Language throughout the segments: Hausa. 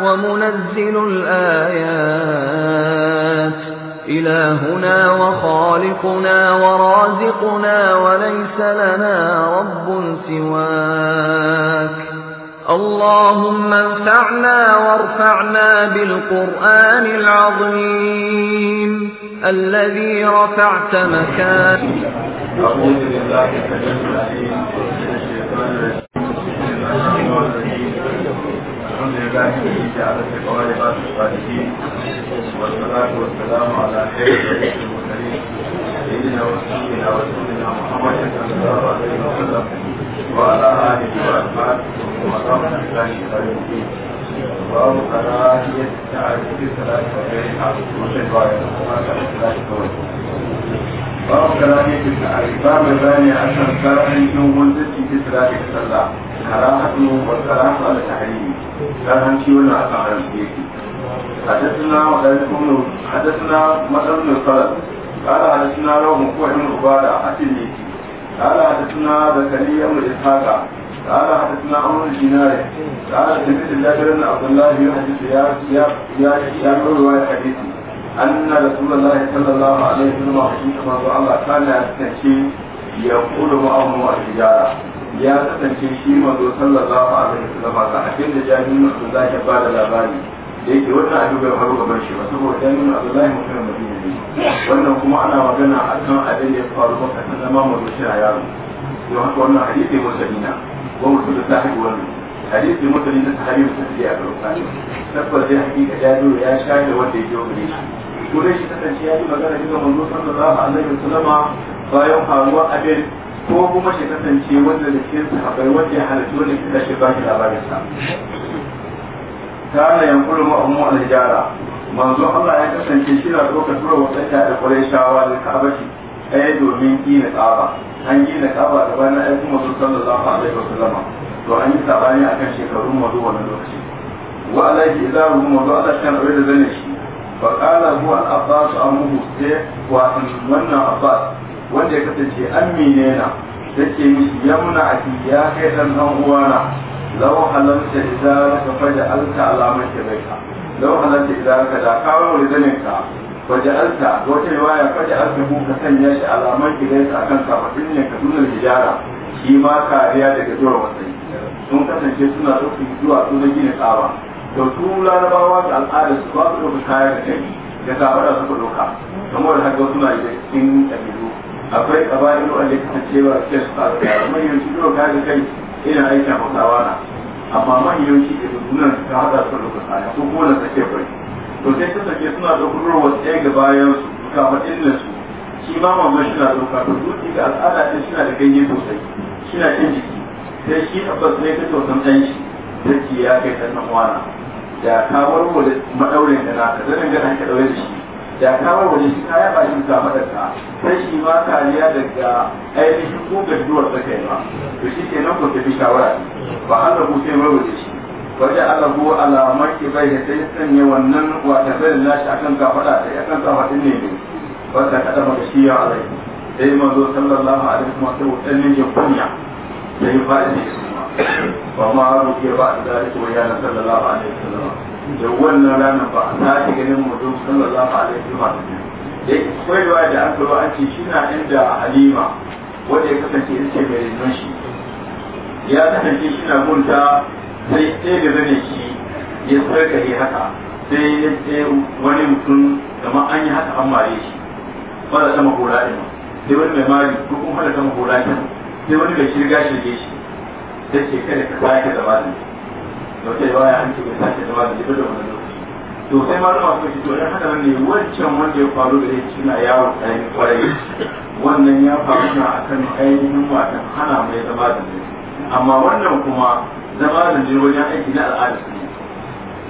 ومنزل الآيات إلهنا وخالقنا ورازقنا وليس لنا رب سواك اللهم انفعنا وارفعنا بالقرآن العظيم الذي رفعت مكان أعوذ بالله السميع الشيطان الرجيم الحمد لله الذي جعل في قواعد الصالحين والصلاة والسلام على خير المرسلين سيدنا ورسولنا ورسولنا محمد صلى الله عليه وسلم وعلى آله وأصحابه ومن والاه إلى يوم الدين باب كراهية تعريف صلاة غيرها وشفاعة صلاة الصلاة باب كراهية الإمام الثاني عشر كراهية منزلتي في صلاة الصلاة كراهة والكراهة على تحريم كراهة ولا أقام حدثنا وذلكم حدثنا مثل بن القلب قال حدثنا له مكوع بن عبادة أتلي قال حدثنا زكريا بن إسحاق قال حدثنا عمر الجناية قال سمعت الله بن عبد الله يحدث يا يا يا يا رواية حديثي أن رسول الله صلى الله عليه وسلم حقيقة ما قال الله كان يستنشي يقول معهم الحجارة يا تستنشي شيء ما صلى الله عليه وسلم كحكين جاهل رسول الله بعد الأباني yake wannan abin bai faru gaban shi ba saboda dan nuna Abdullahi mutumin Madina ne wannan kuma ana magana akan abin da ya faru maka ta zama mutunci a yaro don haka wannan hadisi musulmina da sahibi na sahabi mutum ya ga rufa tabbas ya hakika ya zo ya shaida wanda ya je gare shi gure shi kasance ya yi magana daga manzo sallallahu alaihi wasallama bayan faruwar abin ko kuma shi kasance wanda da cikin sahabbai wanda ya halarci wanda ke kashe ba shi labarin sa kana yankuru ma'amu al-hijara manzo Allah ya kasance shi na ɗaukar tura wasanta da Qurayshawa da Ka'baci ɗaya domin gina Ka'aba an gina Ka'aba da bayan aiki manzo sallallahu alaihi wasallam to an yi sabani akan shekarun manzo wannan lokaci wa alaihi idaru manzo Allah shan aure da zane shi فقال هو sai أمه wannan abbas wanda ya kasance an menena take mishi yamna a ya kai dan dan uwana law halalta idza ka faja alta alaman kibaika law halalta idza ka da kawo ridanin ka faja alka wata riwaya faja alka ku ka sanya shi alaman kibaika akan kafatin ne ka dunar hijara shi ma kariya daga jawar wasai sun kasance suna dukkan zuwa sunan gina kaba da su larabawa da al'ada su ba su ɗauka kayan da ɗari da gabara suka doka kamar da haka suna da cikin ɗabi'u akwai ƙabarin wanda ya cewa ke su tsara da kuma yawanci ɗauka kayan da kai ina aikin hausawa na amma man ke da dubunan ta haɗa su doka kayan ko kuma na sake kwai to sai sake suna ɗaukar ruwa ɗaya ga bayan su kamar ɗin su shi ma mamman shi na doka to dutse ga al'ada ɗin shi na da ganye sosai shi na cin jiki sai shi tabbas ne ka kyautan ɗan shi sai ya kai ɗan wana da kamar mu da madaurin da naka zanen gana ka da shi da kamar mu shi ta yaba shi ga madarka sai shi ma kariya daga ainihin ko gadduwar ta kai ma to shi ke nan ku tafi shawara ba Allah ku sai mai wuce shi wajen Allah ko alamar ke bai da sai sanya wannan wata bai lashi akan kafada da akan kafadin ne ne wanda kada maka shi ya alai sai manzo sallallahu alaihi wa sallam sai wannan kunya sai fa'idi وما رضي بعد ذلك ويانا صلى الله عليه وسلم ناتي ganin mutum sallallahu alaihi wa da aka ruwa an ce shi na inda halima wanda ya kasance ce mai rinnan ya kasance shi na munta sai da zane shi ya haka sai wani mutum an yi haka mai mari ko kuma kama sai wani mai shirga shirge shi sai ce kada ka bayan ka zama da da wata yawa ya hanci bai sake zama da jibi da wani lokaci to sai ma zama kai to dan haka ne wancan wanda ya faru da yake na yawo tsayin kwarai wannan ya faru na akan ainihin watan hana mai zama da ne amma wannan kuma zama da ne wajen aiki na al'ada ne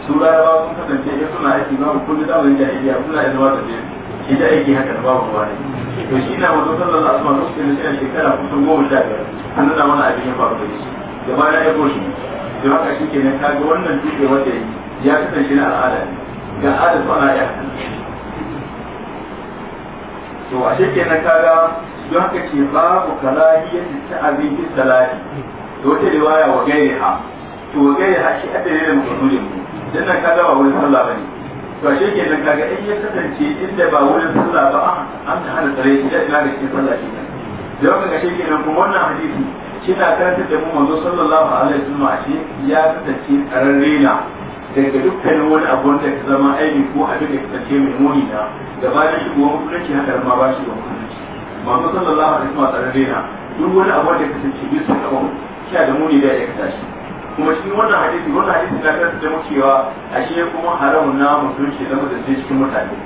su larabawa sun kasance in suna aiki babu kullum zamanin jahiliya suna yin zama da ne shi da aiki haka da babu ruwa ne to shi na wato sallallahu alaihi wasallam lokacin da shekara kusan goma sha biyar an nuna mana abin ya faru da shi da ma ya aiko shi don haka shi ke ta ga wannan dutse wanda ya kasance na al'ada ne ga al'ada su ana yaka to a shi ke nan ga don haka ce babu kalahiyyar ta abinci salari da wata riwaya wa gairi ha to wa gairi ha shi a tare da makasudin mu dan nan kaga ba wurin sallah bane to shi ke nan kaga in ya kasance inda ba wurin sallah ba an ta hana tsare shi da ina ga cikin sallah shi ne don haka shi ke nan kuma wannan hadisi shi na karanta da mu manzo sallallahu alaihi wasallam shi ya kasance kararre rena daga dukkanin wani abu da ya zama aini ko abu da kasance mai muni na gabanin shi kuma mutunci haka ma ba shi wa mutunci manzo sallallahu alaihi wasallam kararre rena duk wani abu da kasance bisa ga shi da muni da ya kasance kuma shi wannan hadisi wannan hadisi na karanta da mu cewa ashe kuma haramun na mutunci zama da cikin mutane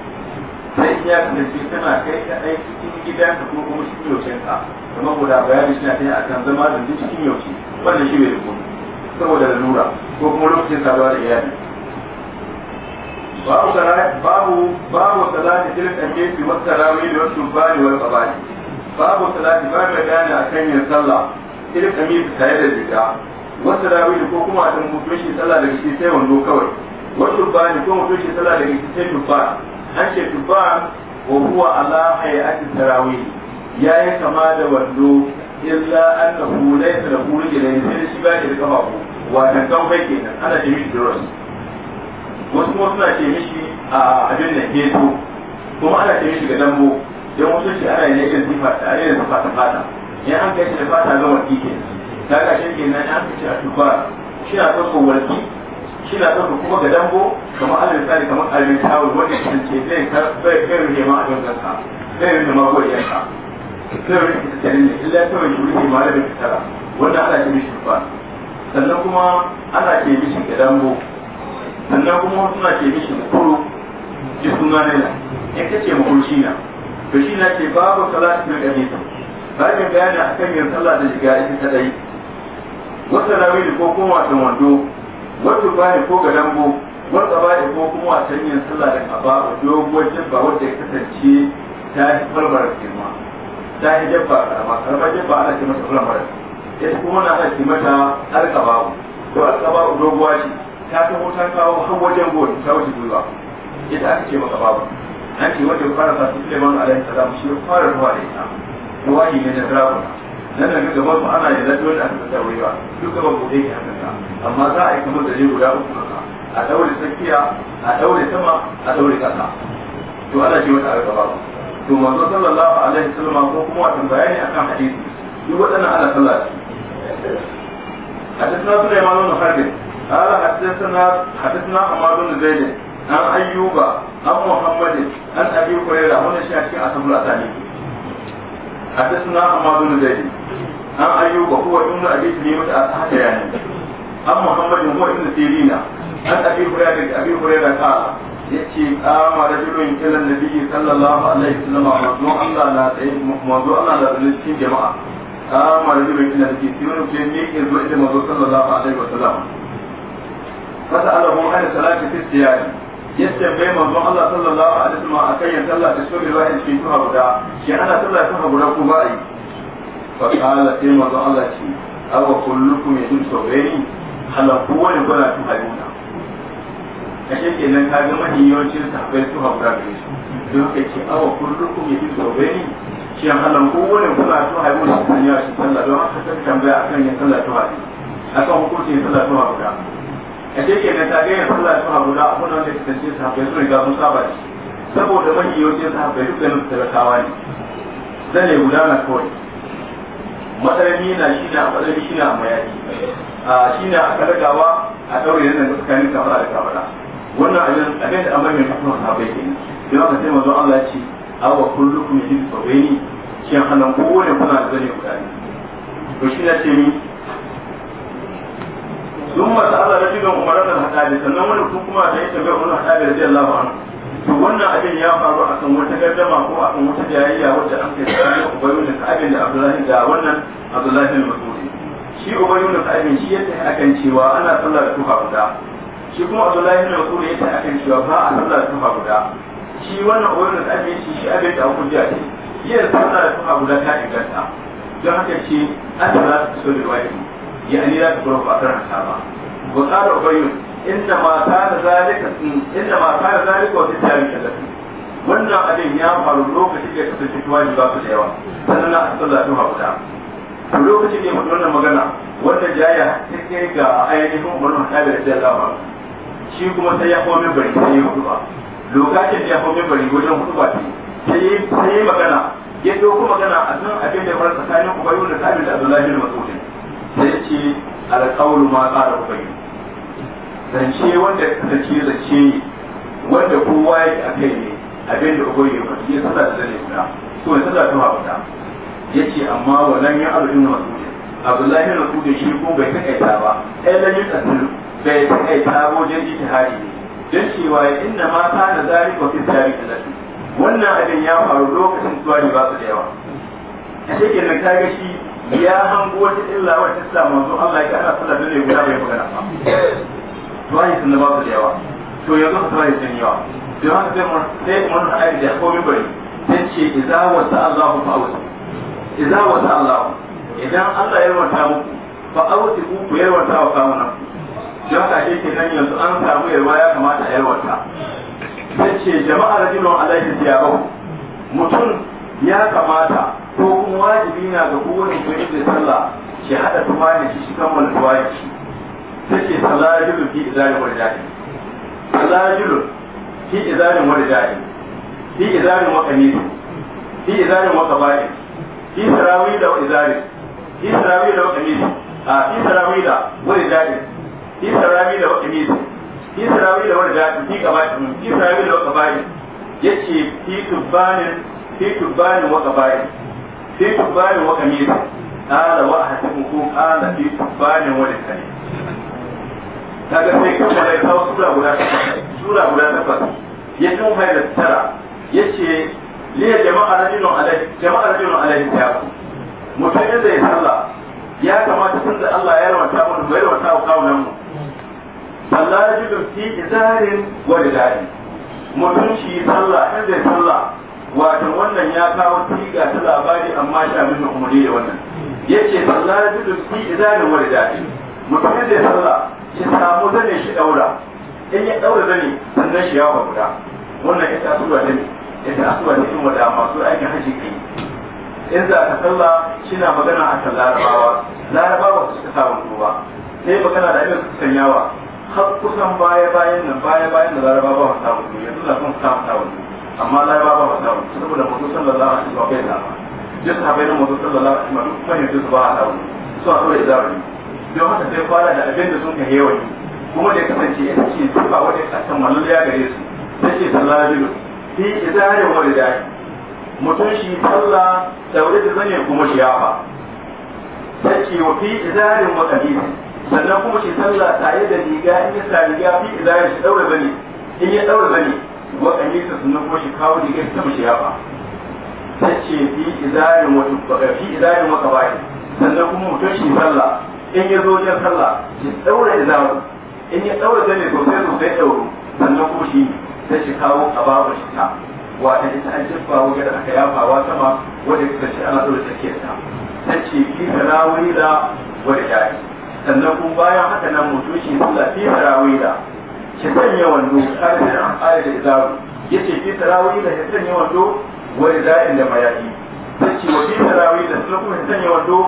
sai iya kasance tana kai ka ɗai cikin gidan ka kuma kuma cikin yaucin ka kamar guda bayani suna ta akan zama da duk cikin yauci wannan shi bai da kuma saboda lalura ko kuma lokacin saduwa da iyali babu babu babu salati tilka kefi wasu tarawih da wasu bani wani qabali babu salati ba ka gane kan yin sallah tilka mi tare da zika wasu tarawih ko kuma a dan mutum shi sallah daga shi sai wando kawai wasu bani ko mutum shi sallah daga shi sai tuffa an ce tufan wa huwa ala hayati ya yi kama da wando illa annahu laysa lahu rijlayn sai shi ba da kafafu wa ta kawai kenan ana ce mishi dress wasu kuma suna ce mishi a abin da keto kuma ana ce mishi ga dambo don wasu ce ana yin yakin sifa ta ana yin fata in an kai shi da fata ga warki kenan ta ga shi kenan an kai shi a tufan shi na kasko warki kina ku kuma ga dambo kamar alal misali kamar alal misali wanda ya kasance zai bai kai ne ma a danganta zai ne ma godiyanka zai ne ta tare ne illa ta wani rufe ma da tara wanda ana ce mishi ba sannan kuma ana ce mishi ga dambo sannan kuma suna ce mishi kuro ji suna ne na in ka ce shi na to shi na ce babu salatu na ganisa bayan bayani akan yin sallah da shiga ita kadai wata rawi ko kuma wato wando wato ne ko ga lambo wata ne ko kuma wasan yin sallah da kaba doguwar jabba wadda ya kasance ta yi barbar girma ta yi a karama karama jabba ana ce masa barbar ita kuma na ana ce mata ko to alkabawu doguwa ce ta taho ta kawo har wajen gori ta wuce gwiwa ita aka ce maka babu an ce wanda ya fara sa su Suleiman alaihi salam shi ya fara ruwa da ita ruwa ne na zaɓuna nan da gaban su ana da lafiya da aka tsawai ba duka ban bude ki haka ta amma za a yi kamar da guda uku haka a daure tsakiya a daure sama a daure kasa to ana ce wata arka ba to manzo sallallahu alaihi wasallam ko kuma wata bayani akan hadisi duk waɗannan ana sallah حدثنا سليمان حدثنا عماد بن زيد عن ايوب وهو ابن ابي تميمه حتى يعني عن محمد هو ابن سيرين عن ابي هريره ابي هريره قال yace kama rajulun ila nabiyyi sallallahu alaihi wasallam manzo Allah na tsaye manzo Allah da cikin jama'a kama rajulun ila nabiyyi sai wani mutum ne yake zuwa inda manzo sallallahu alaihi wasallam fasa alahu an salati fi yadda bai manzo Allah sallallahu alaihi wasallam akan sallah da cikin kuma guda shi ana sallah ko ba yi fa qala sai manzo Allah ce aw kullukum yadun ala kuwani kuna su da don ka ce kullukum yadun shi kuna kan sallah don haka tambaya akan sallah akan hukuncin sallah a ce ke na tare da sallah su hamu da abun da ke tsaye su haɓe su riga sun saba shi saboda mafi yawancin su haɓe duk ganin talakawa ne yi guda na kawai matsalami na shi a matsalami shi ne na mayaki a shi na aka ragawa a ɗaure yana da tsakanin kamar da kamar wannan abin abin da an bayyana kafin sahabbai ke nan sai maka sai manzo Allah ya ce awa kullukum yajid sabaini shin hanan kowane kuna da zane guda ne to shi na ce ni allah na رجل عمر da الخطاب sannan wani ku kuma da yake bai Umar da Allah ba to wannan abin ya faru a kan wata gaddama ko a kan wata jayayya wacce an kai tsakanin Ubay da Ka'ab da Abdullahi da wannan Abdullahi bin Mas'ud shi Ubay da abin shi yake akan cewa ana sallar duha guda shi kuma Abdullahi bin Mas'ud yake akan cewa ba a sallar duha guda shi wannan Ubay da Ka'ab shi shi abin da ku ce yin sallar duha guda ta inganta don haka ce an sallar su da يعني لا تكون فاترة حسابا وقال أبي إنما كان ذلك إنما كان ذلك وفي التاريخ التي wannan abin ya faru lokacin da ya kasance tuwaji ba su da yawa sannan na asibin to lokacin da ya faɗi wannan magana wanda jaya ta kai ga ainihin umarnin haɗa da shi kuma bari hudu ba lokacin da ya kome bari wajen hudu ba sai ya magana ya ɗauko magana a nan abin da ya fara tsakanin ubayu da sabi da abdullahi da masudin sai ce alƙawlu ma qala ubayy zance wanda kasance zance wanda kowa yake kai ne abin da ubayy ya faɗi ya sada da zane guda to ya sada ta Ya ce amma walan ya alu ne abu abdullahi na ne shi ko bai takaita ba ɗaya da yi tsalu bai takaita ba wajen ijtihadi ne don cewa inna ma ko zalika fi ta lakin wannan abin ya faru lokacin ne ba su da yawa a cikin da ta gashi? ya hango wata illa wata islam manzo Allah ya ana sallah da ne guda bai magana ba to ai sun ba da yawa to yanzu ka tsaya sun yawa to an ce mun sai mun ayi da komai bari sai ce idza wasa Allahu fa'awsi idza wasa Allahu idan Allah ya yarwata muku fa'awsi ku ku yarwata wa kawunan don haka shi ke nan yanzu an samu yarwa ya kamata a yarwata sai ce jama'a rajulun alaihi siyabahu mutum ya kamata ko kuma wajibi na ga kowane mai da sallah shi hada tumani shi shi kammala tuwaye shi take salajulun fi izalin wani daɗi salajulun fi izalin wani daɗi fi izalin wa kamisu fi izalin wa kabari fi sarawi da wani izalin fi sarawi da wa kamisu a ah, fi sarawi da wani daɗi fi sarawi da wa kamisu fi sarawi da wani daɗi fi kabari fi sarawi da wa kabari yace fi tubbanin في تبان وقبائل في تبان وقميص قال وأحسبكم قال في تبان ولسان kaga sai kuma da kawo sura guda takwas sura guda takwas ya tun fayar tara yace liya jama'a rajulun alaihi jama'a rajulun alaihi ta mutum yadda ya sallah ya kamata tun da Allah ya rawata mu da rawata wa kawunan mu sallah rajulun fi izarin wa lidari mutum shi sallah in ya sallah wato wannan ya kawo tiga ta labari amma shi abin da da wannan yace sallah rajulun fi idanin wani daɗi mutumin da ya sallah ya samu zane shi daura in ya daura zane sannan shi ya guda wannan ita asuwa ne ita asuwa ne in da masu aikin hajji ke in za ka sallah na magana a kan larabawa larabawa su suka samu duba sai magana da irin su yawa har kusan baya bayan nan baya bayan da larabawa ba samu yanzu na kun samu samu amma la ba ba da saboda mutum sallallahu alaihi wa sallam duk habai na mutum sallallahu alaihi wa sallam fahimta su ba a dawo su a kawai zaru don haka sai fara da abin da sun ka yawan kuma da kasance ita ce sifa wadda wani san malaliya gare su sai ce sallallahu alaihi fi izarin wani dahi mutum shi sallah daure da zane kuma shi yafa sai ce wa fi izarin wani sannan kuma shi sallah tare da riga in ya sa riga fi izarin shi daure zane in ya daure zane wa kanisa sannan kuma shi kawo da yake ta mashi yaba tace fi izarin wa fi izarin wa kabai sannan kuma mutum shi sallah in ya zo jan sallah shi daura izarin in ya daura zane sosai sosai ɗauru. sannan kuma shi sai shi kawo ababar shi ta wata ita an jibba wajen aka yafa yafawa sama wadda ta ce ana daura tsakiyar ta tace fi sarawila wa da sannan kuma bayan haka nan mutum shi sallah fi sarawila ki sanya wando kare da an fara da izaru yace ki tarawih da ki sanya wando wani da'in da mayaki sai ce wa ki da sunan kuma ki sanya wando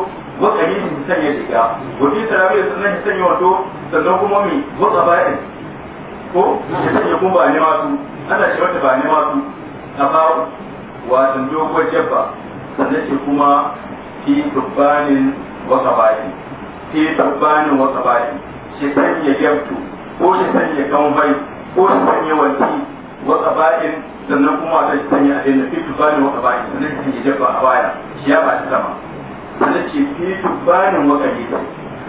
wa qalilin ki sanya diga wa ki tarawih da sunan ki sanya wando sannan kuma mi wa qaba'in ko ki sanya kuma ba ne masu. ana ce wata ba ne wasu tabau wato dogon jabba sannan ce kuma fi dubbanin wa qaba'in fi dubbanin wa qaba'in shi sanya jabtu ko shi sanya kamfai ko shi sanya wanci wa qaba'in sannan kuma tashi sanya alaina fi bani wa qaba'in sannan shi yi jefa a baya shi ya ba sama sannan ce fi bani wa qaba'in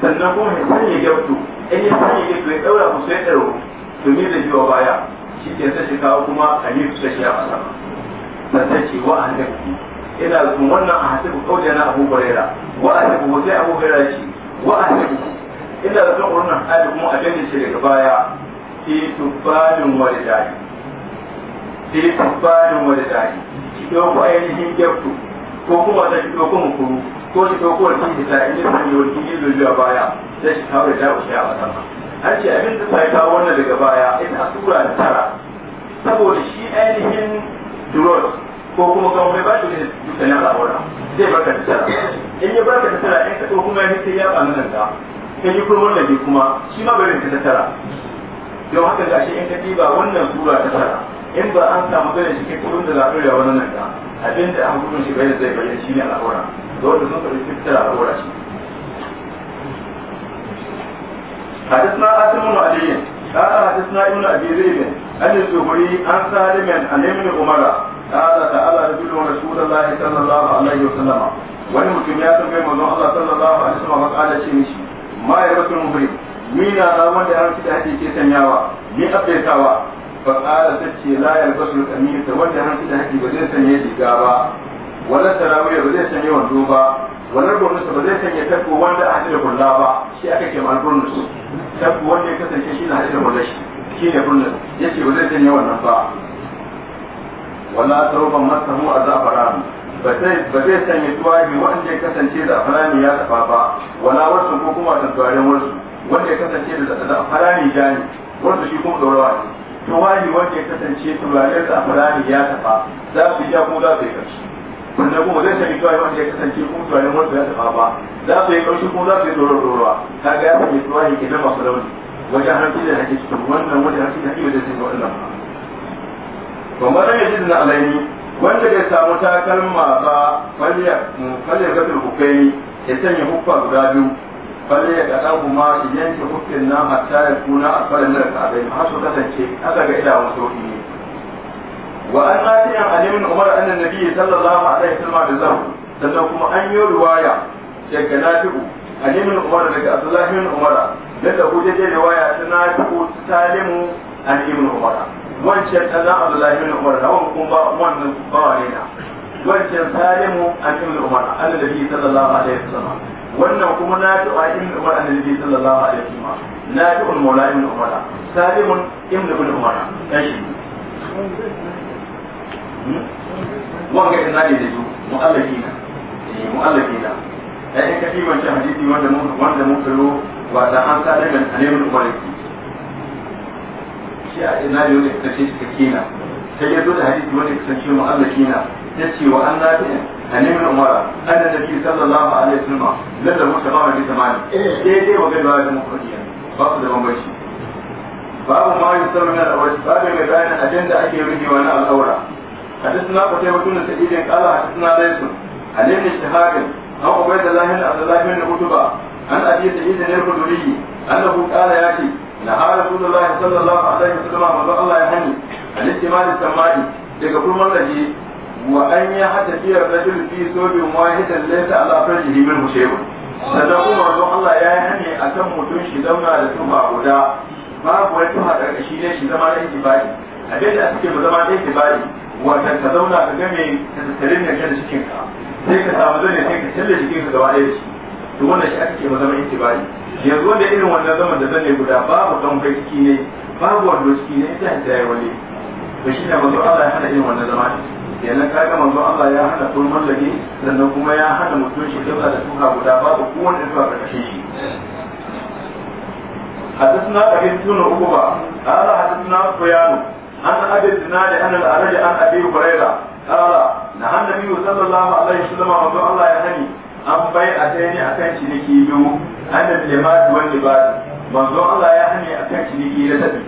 sannan kuma ya sanya gyabtu in ya sanya gyabtu ya daura ku sai to domin da jiwa baya shi ke sa shi kawo kuma a yi su shi ya ba sama sannan ce wa an ina zuwa wannan a hasibu kauje na abu barera wa a hasibu sai abu barera shi wa a hasibu ina da son wannan ayat kuma a gani shi daga baya fi tubbalin walidai fi tubbalin walidai ki ɗauko ainihin gefto ko kuma ta ki ɗauko mukuru ko ki dauko wani ta in da ne wani yi zuwa baya sai shi kawo da dawo shi a sama har ce abin da sai kawo wannan daga baya ina sura da tara saboda shi ainihin durot ko kuma kan mai ba shi da dukkanin al'amura zai baka da tara in ya baka da tara in ka kuma ya hita ya ba nan da ta yi kuma da bi kuma shi ma bai barin ta tara don haka ga shi in ka ba wannan sura ta tara in ba an samu barin shi kai kurun da zaɓi da wani nan da abin da an gudun shi bayan zai bayyana shi ne al'aura da wanda sun faɗi tattara al'aura shi حدثنا آسم بن علي قال حدثنا ابن أبي زيد عن الزهري عن سالم عن ابن عمر قال تعالى رجل رسول الله صلى الله عليه وسلم wani mutum من الله صلى الله عليه وسلم wasallam ya ma ya rasu muhrim mina na wanda an fita hake ke sanyawa ni abdaitawa fa qala tace la yalbasul kamin da wanda an fita hake ba zai sanya diga ba wala tarawih ba zai sanya wando ba wala gurnusu ba zai sanya tabbo wanda an da kulla ba shi aka ce mal su tabbo wanda ya kasance shi na da kulla shi shi ne gurnus yace ba zai sanya wannan ba wala tawban masahu azabaran ba zai sanya tuwari wanda ya kasance da farani ya taɓa ba wala wasu ko kuma ta tuwaren wasu wanda ya kasance da farani ja ne wasu shi kuma ɗorawa ne tuwari wanda ya kasance turaren da farani ya taɓa za su ja kuma za su yi ƙarshe sannan kuma zai sanya tuwari wanda ya kasance kuma tuwaren wasu ya taɓa ba za su yi ƙarshe kuma za su yi ɗorawa ɗorawa ta ga ya sanya tuwari ke nan masu launi wajen harfi da hakiki wannan wajen harfi da hakiki da zai sanya waɗannan ba. Kamar yadda na alaini wanda bai samu takalma ba falle ga turkukai ya sanya hukka guda biyu falle ya kada kuma ya yanke hukkin nan hatta ya kuna a falle da ka'abai har su kasance aka ga idanun sauki ne wa an ati an alimin umar annan nabi sallallahu alaihi wasallam da zahu sannan kuma an yi riwaya daga nafi'u alimin umar daga abdullahi bin umar da da hujjaje riwaya ta nafi'u salimu an ibn umar wancan ɗan Abdullahi bin Umar na wani kuma wannan bawa ne na wancan Salimu an ibn Umar annabi sallallahu alaihi wasallam wannan kuma na ji wa ibn Umar annabi sallallahu alaihi wasallam na ji ul Maula ibn Umar Salimu ibn ibn Umar kashi hmm? wanga ina ne da su mu'allaki na eh mu'allaki na ai kafi wancan hadisi wanda mun wanda mun kiro wa da an Salimu annabi Umar shi a ina ne wanda kasance cikakke na ta yi da hadisi wanda kasance mu'allaki na ya ce wa an nafi an nemi umara an da nabi sallallahu alaihi wasallam lalla mutu ba wani zamani daidai wa gaiba da mukhadiya ba su da bambanci babu ma yi sauran al'awar babu mai bayan ajanda ake rugewa na al'aura حدثنا قتيبة بن سعيد قال حدثنا ليس عن ابن شهاب عن عبيد الله بن عبد الله بن عتبة عن ابي سعيد الخدري انه قال ياتي da نهى رسول الله صلى الله عليه وسلم من الله يهني عن استعمال السماء daga kurman laji wa an ya hada fiya rajul fi sobin wahidan laysa ala farjihi min musayyib sannan kuma don Allah ya yi hani akan mutum shi zauna da tufa guda babu wani tufa daga shi ne shi zama da intibari abin da suke ba zama da intibari wanda ka zauna ka game ka tattarin da kan cikin ka sai ka samu zane sai ka talle cikin ka gaba ɗaya shi to wannan shi ake ba zama intibari yanzu wanda irin wannan zaman da zane guda babu don kai ciki ne babu wanda ciki ne ita ta yi wale to shi ne manzo Allah ya hana irin wannan zama ne kenan kaga manzo Allah ya hana turman lage sannan kuma ya hana mutum shi kasa da tuka guda babu kowanne zuwa karkashin shi حدثنا أبي بن عقبة قال حدثنا سفيان عن أبي الزناد عن الأرج عن أبي هريرة قال نهى النبي صلى الله عليه وسلم Allah الله عنه an bai a ta ne akan ciniki biyu an da limatu wal manzo Allah ya hane akan ciniki da tabi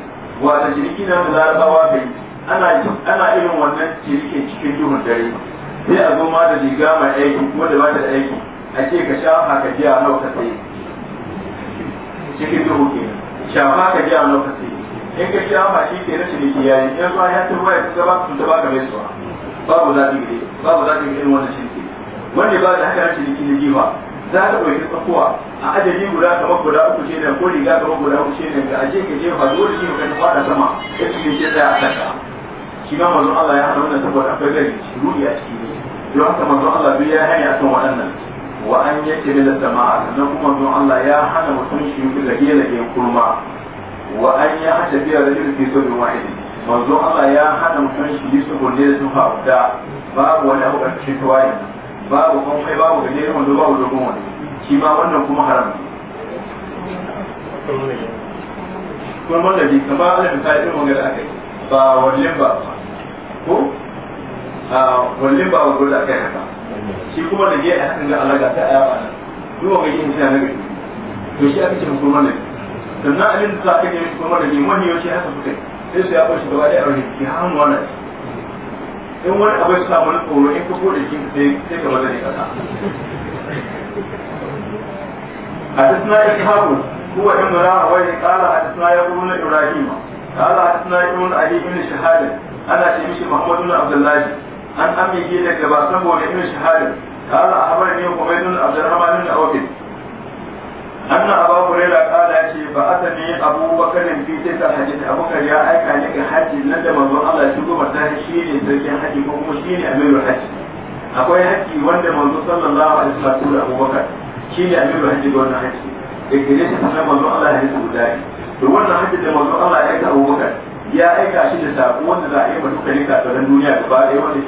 wata ciniki da larabawa bai ana ana irin wannan cinikin cikin duhun dare sai a zo ma da riga mai aiki kuma da bata da aiki a ce ka sha haka jiya a ka cikin duhu ke sha ka jiya a ka in ka sha ma shi ke na ciniki yi in ba ya tuba ya tuba ka bai suwa babu zafi gare babu zafi irin wannan ciniki wanda ba da haka ya ciniki na giwa za ka ɗauki tsakuwa a adadi guda kamar guda uku ce da ko riga kamar guda uku ce da ga aje ka jefa dole ce ka fada sama ya ciniki ke tsaya a kanka shi ma manzon Allah ya hana wannan saboda akwai gari ruɗi a ciki ne don haka manzon Allah bai ya hanya kan waɗannan wa an yake da sama'a sannan kuma manzon Allah ya hana mutum shi da gelage kurma wa an ya hata biya da jirgi so bin wahidi manzon Allah ya hana mutum shi yi su gulle da tufa guda babu wani abu ƙarƙashin tuwayin babu kwamfai babu da gajeren wanda babu dogon wani shi ma wannan kuma haram kuma wanda mallabi kamar ala misali irin wanda aka yi ba wallin ba ko a wallin ba wanda aka yi haka shi kuma da gaya hakan ga Allah ga ta ayawa nan duk wanda yin shi na to shi aka ce kuma ne sannan abin da za a kai mutum mallabi wani yau shi haka suka yi sai su ya bar shi gaba da ya rauni ki hannu wannan in wani abu ya samu na tsoro in ka kore shi sai sai ka bada ne kasa حدثنا إسحاق هو امرأة وإن قال حدثنا يقولون إبراهيم قال حدثنا ابن علي بن شهاد أنا شمش محمد بن عبد الله عن أمه لك باسم ابن شهاد قال أخبرني حميد بن عبد الرحمن بن أوفي anna abu hurairah kala ce ba atani abu bakarin fi tilka hadith abu bakar ya aika ne ga nan da manzon Allah ya shigo shi ne sarkin haji ko kuma shi ne amirul haji akwai haji wanda manzon sallallahu alaihi wasallam da Abu shi ne amirul haji ga wannan haji da gare shi sannan manzon Allah ya shigo da to wannan haji da manzon Allah ya aika Abu Bakar ya aika shi da sako wanda za a yi matuƙa ne kasuwar duniya gaba wanda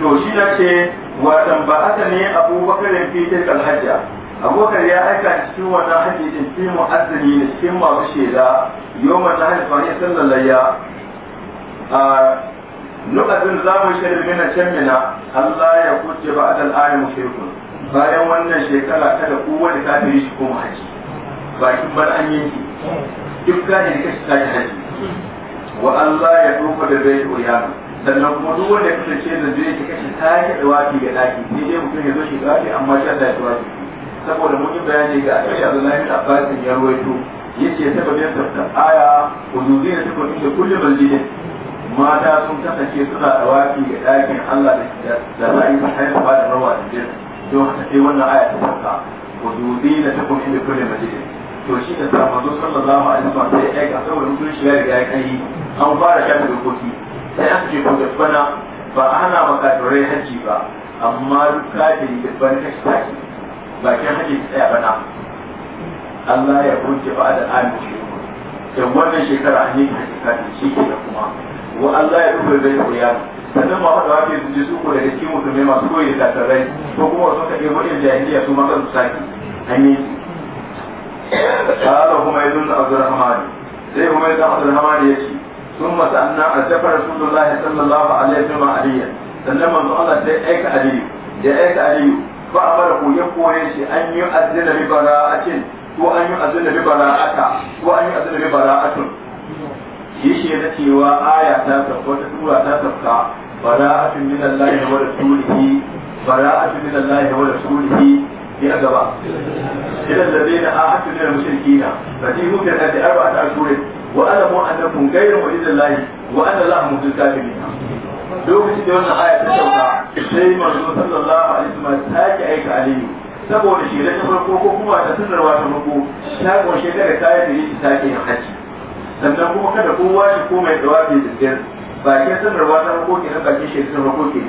to shi na ce watan ba aka ne abubakar fi tilka alhajja abubakar ya aika cikin wannan hajji din fi mu'azzini ne cikin masu shaida yau mata haifar ya san ya a lokacin za mu da mina can mina Allah ya kuce ba adal ayi mushrikun bayan wannan shekara kada kowa da kafiri shi koma haji bakin bar an yanki duk gane da kashi tashi haji wa Allah ya dofa da bai ya sannan kuma duk wanda ya kasance da zai ta kashe tashi da wafi ga daki ne dai mutum ya zo shi ga amma shi ta shi wafi saboda mun yi bayani ga akai Abdullahi bin Abbas ya ta bane ta ta aya wuduzi ne take inda kullu masjidin mata sun kasance suna da wafi ga ɗakin, Allah da da yi hanyar ba da rawa da don haka sai wannan aya ta sabta wuduzi ne take inda kullu masjidin to shi da sa manzo sallallahu alaihi wasallam sai ya ga saboda mutum shi ya riga ya kai an fara shafe dokoki sai aka ce da bana ba a hana ba kafirai hajji ba amma duk kafiri gasbana kashi taki bakin hajji tsaya bana Allah ya kunce ba da amince da wannan shekara an yi kafin shi ke da kuma wa Allah ya rufe zai koya sannan ma wanda wake su je su ko da mutum ne masu koyi da tarai ko kuma wasu kaɗe wajen jahiliya su maka su saki an yi su. Allah kuma ya zunta Abdulrahman sai kuma ya zunta Abdulrahman ya ce ثم سألنا أجاب رسول الله صلى الله عليه وسلم عليا سلم الله سيئك علي جاءك علي فأمره يقويش أن يؤذن ببراءة وأن يؤذن ببراءة وأن يؤذن ببراءة shi na cewa aya ta sauka wata tura ta sauka bara'atun min Allah wa rasulihi bara'atun min Allah wa rasulihi ya gaba ila alladhina ahadu min al-mushrikeena fa tihu fi al-arba'a wa alamu annakum ghayru mu'izillahi wa anna la mutul kafirin lokacin da wannan aya ta sauka sai manzo sallallahu alaihi wasallam ta ki aika aliyu saboda shi da farko ko kuma ta sanarwa ta farko ta goshe daga kayan da yake take yin haji sannan kuma kada kowa shi ko mai dawafi da tsir bakin sanarwa ta farko kenan bakin shi ta farko ke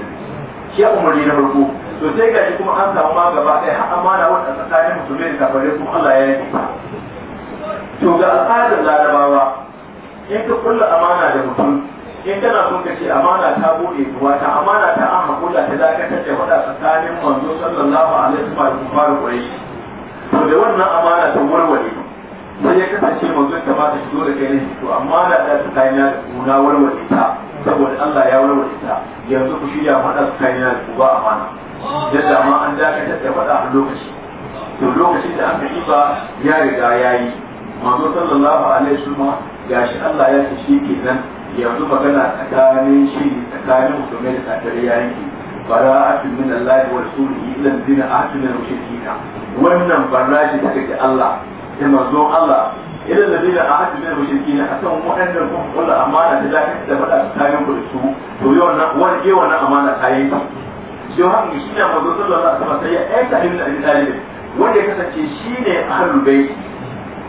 shi umarni na farko to sai gashi kuma an samu ma gaba ɗaya har na wata tsakanin musulmai da kafare kuma Allah ya yi to ga al'adar larabawa in ka kulla amana da mutum in kana son ka ce amana ta bude ruwa ta amana ta an hakula ta dakatar da wada tsakanin manzo sallallahu alaihi wa sallam fara quraishi to da wannan amana ta warware sai ya kasance manzo ta ba ta shigo da kai ne to amana ta tsakanin da kuna warware ta saboda Allah ya warware ta yanzu ku shirya wada tsakanin da kuma amana yadda ma an dakatar da wada a lokaci to lokacin da aka yi ba ya riga ya yi manzo sallallahu alaihi wasallam gashi Allah ya ke kenan yanzu magana tsakanin shi tsakanin mutumai da kafirai ya yanke bara'atun min Allah wa rasulihi ila dina a min mushrikina wannan barrashi da take Allah ya manzo Allah ila a atun min mushrikina akan waɗannan kun kula amana da zaka da faɗa tsakanin ku da su to yau na wani wannan amana ta yanke shi har shi ne manzo sallallahu alaihi wasallam sai ya aika ibn Abi Talib wanda ya kasance shi ne ahlul baiti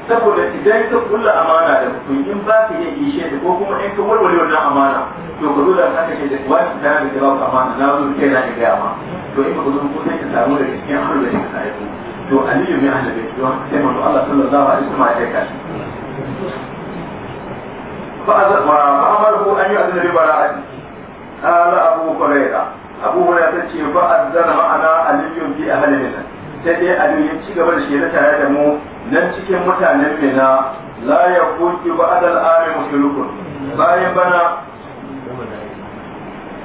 saboda idan ka kula amana da kun in ba ka iya ishe ta ko kuma in ka warware wannan amana to ka zo da haka ce da wani da da ba amana na zo kai na ga ma to in ka zo ko sai ka samu da cikin har da ka yi to aliyu mai annabi to sai manzo Allah sallallahu alaihi wasallam ya kai fa ko an yi yu'adhibu bi bara'ati ala abu hurairah abu hurairah ce ba ma ana aliyu bi ahli minan sai dai abin ya ci gaba da shi tare da mu nan cikin mutanen mina la ya kuki ba adal ari musulukun bayan bana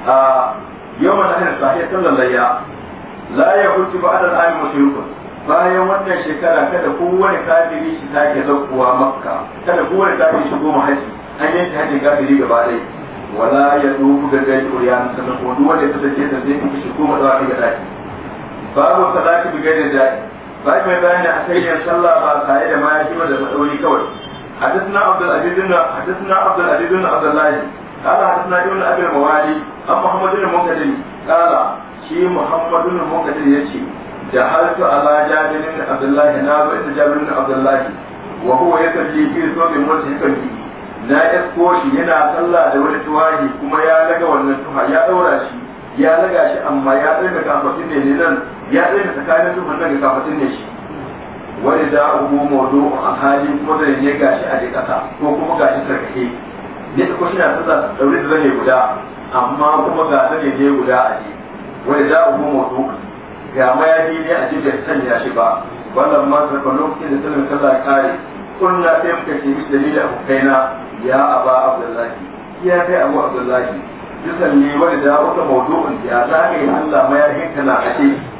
a yau mana hanyar sahi sallan layya la ya kuki ba adal ari musulukun bayan wannan shekara kada kowane kafiri shi sake zaukowa makka kada kowane kafiri shi goma haji an yanke hajjin kafiri gaba ɗaya wala ya tsohu ga gari uriyan sannan ko duk wanda ya kasance da zai fi shi goma zuwa ga ɗaki babu sadaki bi gairin da'i babu mai bayani a kan yan sallah ba tare da mayafi ba da matsauri kawai حدثنا عبد العزيز بن حدثنا عبد العزيز بن عبد الله قال حدثنا ابن ابي الموالي عن محمد بن المنكدر قال شي محمد بن المنكدر يشي جعلت على جابر بن عبد الله ناب جابر بن عبد الله وهو يصلي في ثوب مرتهقا فيه na ɗauko shi yana sallah da wani tuwahi kuma ya daga wannan tuha ya ɗaura shi ya daga shi amma ya ɗaga ne nan ya tsaye tsakanin duhun daga kafatin da shi wani da abu mawado a hali kuma ya gashi a kasa ko kuma gashi sarkake ne ta shi na za daure da zane guda amma kuma ga zane ne guda a ji wani da abu mawado ga mayafi ne a jikin bai sanya shi ba wannan ma sarfa lokacin da sallar kaza kare kunna sai muka ce mishi dalilin abokaina ya aba abdullahi ya kai abu abdullahi yusalli wani da wata mawado ya zagaye Allah ya kana a ce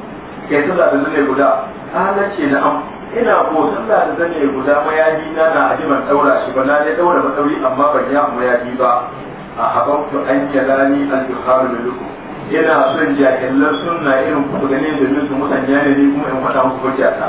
kai sallah da zane guda ana ce na am ina ko sallah da zane guda mayaji na na ajiman daura shi ba na dai daura matsauri amma ban ya mayaji ba a ku an yalani al-bukhari da duku Ina son jahilan sunna irin ku gane da nufin su musanya ne kuma in faɗa muku hujja ta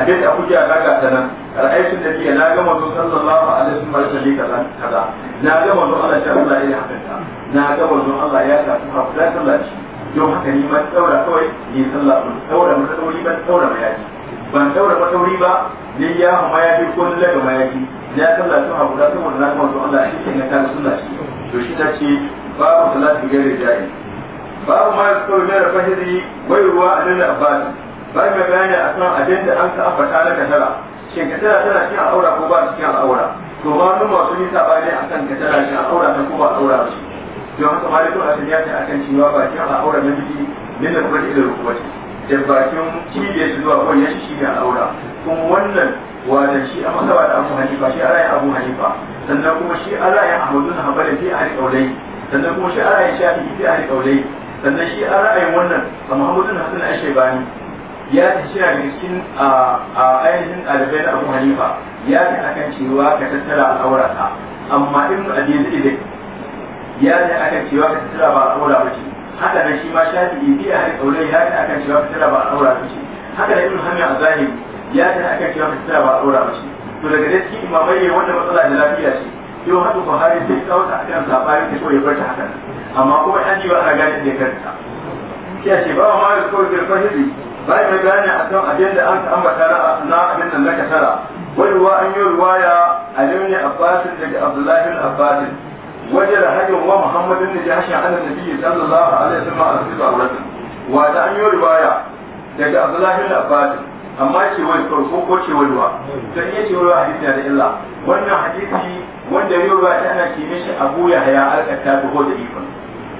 a dai da hujja ta ga ta nan ra'aytu da biya na ga manzo sallallahu alaihi wa sallam kaza kaza na ga manzo Allah ta Allah ya hakanta na ga manzo Allah ya ta ku fa da shi don haka ni ban daura kawai ni sallah ban daura matauri ban daura mayaki ban daura matauri ba ni ya ma mayaki ko ni daga mayaki ya sallah sun haƙura saboda na kamar Allah shi ke na ta sunna shi to shi ta ce babu salatu gare jari babu ma yau kawai mera fahiri wai ruwa a nan abbas ba mai bayani a san abin da an ka ambata na kasara shin kasara tana cikin aura ko ba cikin aura to ma sun yi sabani akan kasara cikin aura ta ko ba aura ba don haka malikul asali ya ta akan cewa bakin al'aura na biki ne da kuma idan rukuwaci da bakin cibiyar shi zuwa kwan yashi shi da aura kuma wannan wadan shi a masaba da abu hanifa shi alayin abu hanifa sannan kuma shi alayin ahmadu na hanbali fi ahli kaulai sannan kuma shi alayin shafi fi ahli kaulai sannan shi alayin wannan a muhammadu na hasan ashebani ya ta shira da cikin a ainihin ɗalibai da abu hanifa ya ta akan cewa ka tattara al'aurata amma ibnu adiyyar da ya ne akan cewa ka tsira ba a ɗaura mace haka nan shi ma shafi ibi a haka ɗaure ya ne akan cewa ka tsira ba a ɗaura mace haka nan ibn hamid azahim ya ne akan cewa ka tsira ba a ɗaura mace to daga dai cikin imamai ne wanda matsala da lafiya ce yau hadu buhari sai tsawata kan sabari ta so ya bar ta haka amma kuma an ji ba ana gane da kanta ya ce ba ma da kawai girfan hidi ba ya gane a kan abin da an ambata na abin da na kasara wani ruwa an yi ruwaya a limni abbasin daga abdullahi abbasin wajen da hajjar wa muhammadin da jashin ana nabi sallallahu alaihi wasallam a cikin auratin wa da an yi daga abdullahi bin abbas amma ce wai farko ko ce wai ruwa dan yace wai ruwa hadisi da illa wannan hadisi wanda yayi ruwa ana ce abu ya haya alƙatta ko da ifan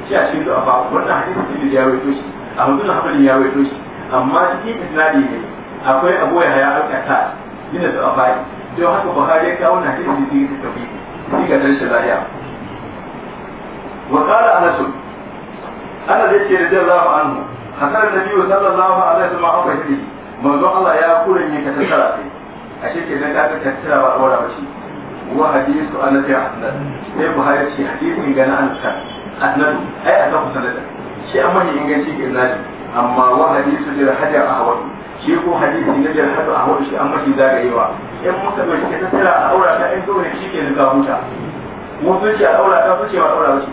shi a cikin da ba wannan hadisi da ya wato shi a hudun hamalin ya wato shi amma cikin isnadi ne akwai abu ya don haka buhari ya kawo na da وقال انس انا ذكي رضي الله عنه حكى النبي صلى الله عليه وسلم عن فهمه من الله يا كورن يكتسرى ashe ke nan aka tattara ba aura ba shi wa hadisu an nafi ahmad sai buhari ce hadisin gana an ka ahmad ai a ta kusa da shi amma ne inganci ke nashi amma wa hadisu da hajar ahwad shi ko hadisi na jar hajar ahwad shi amma shi zagayewa in muka ɗauki ka tattara a aura ta in zo ne shi ke da huta wasu ce a aura ta fice ba aura ba shi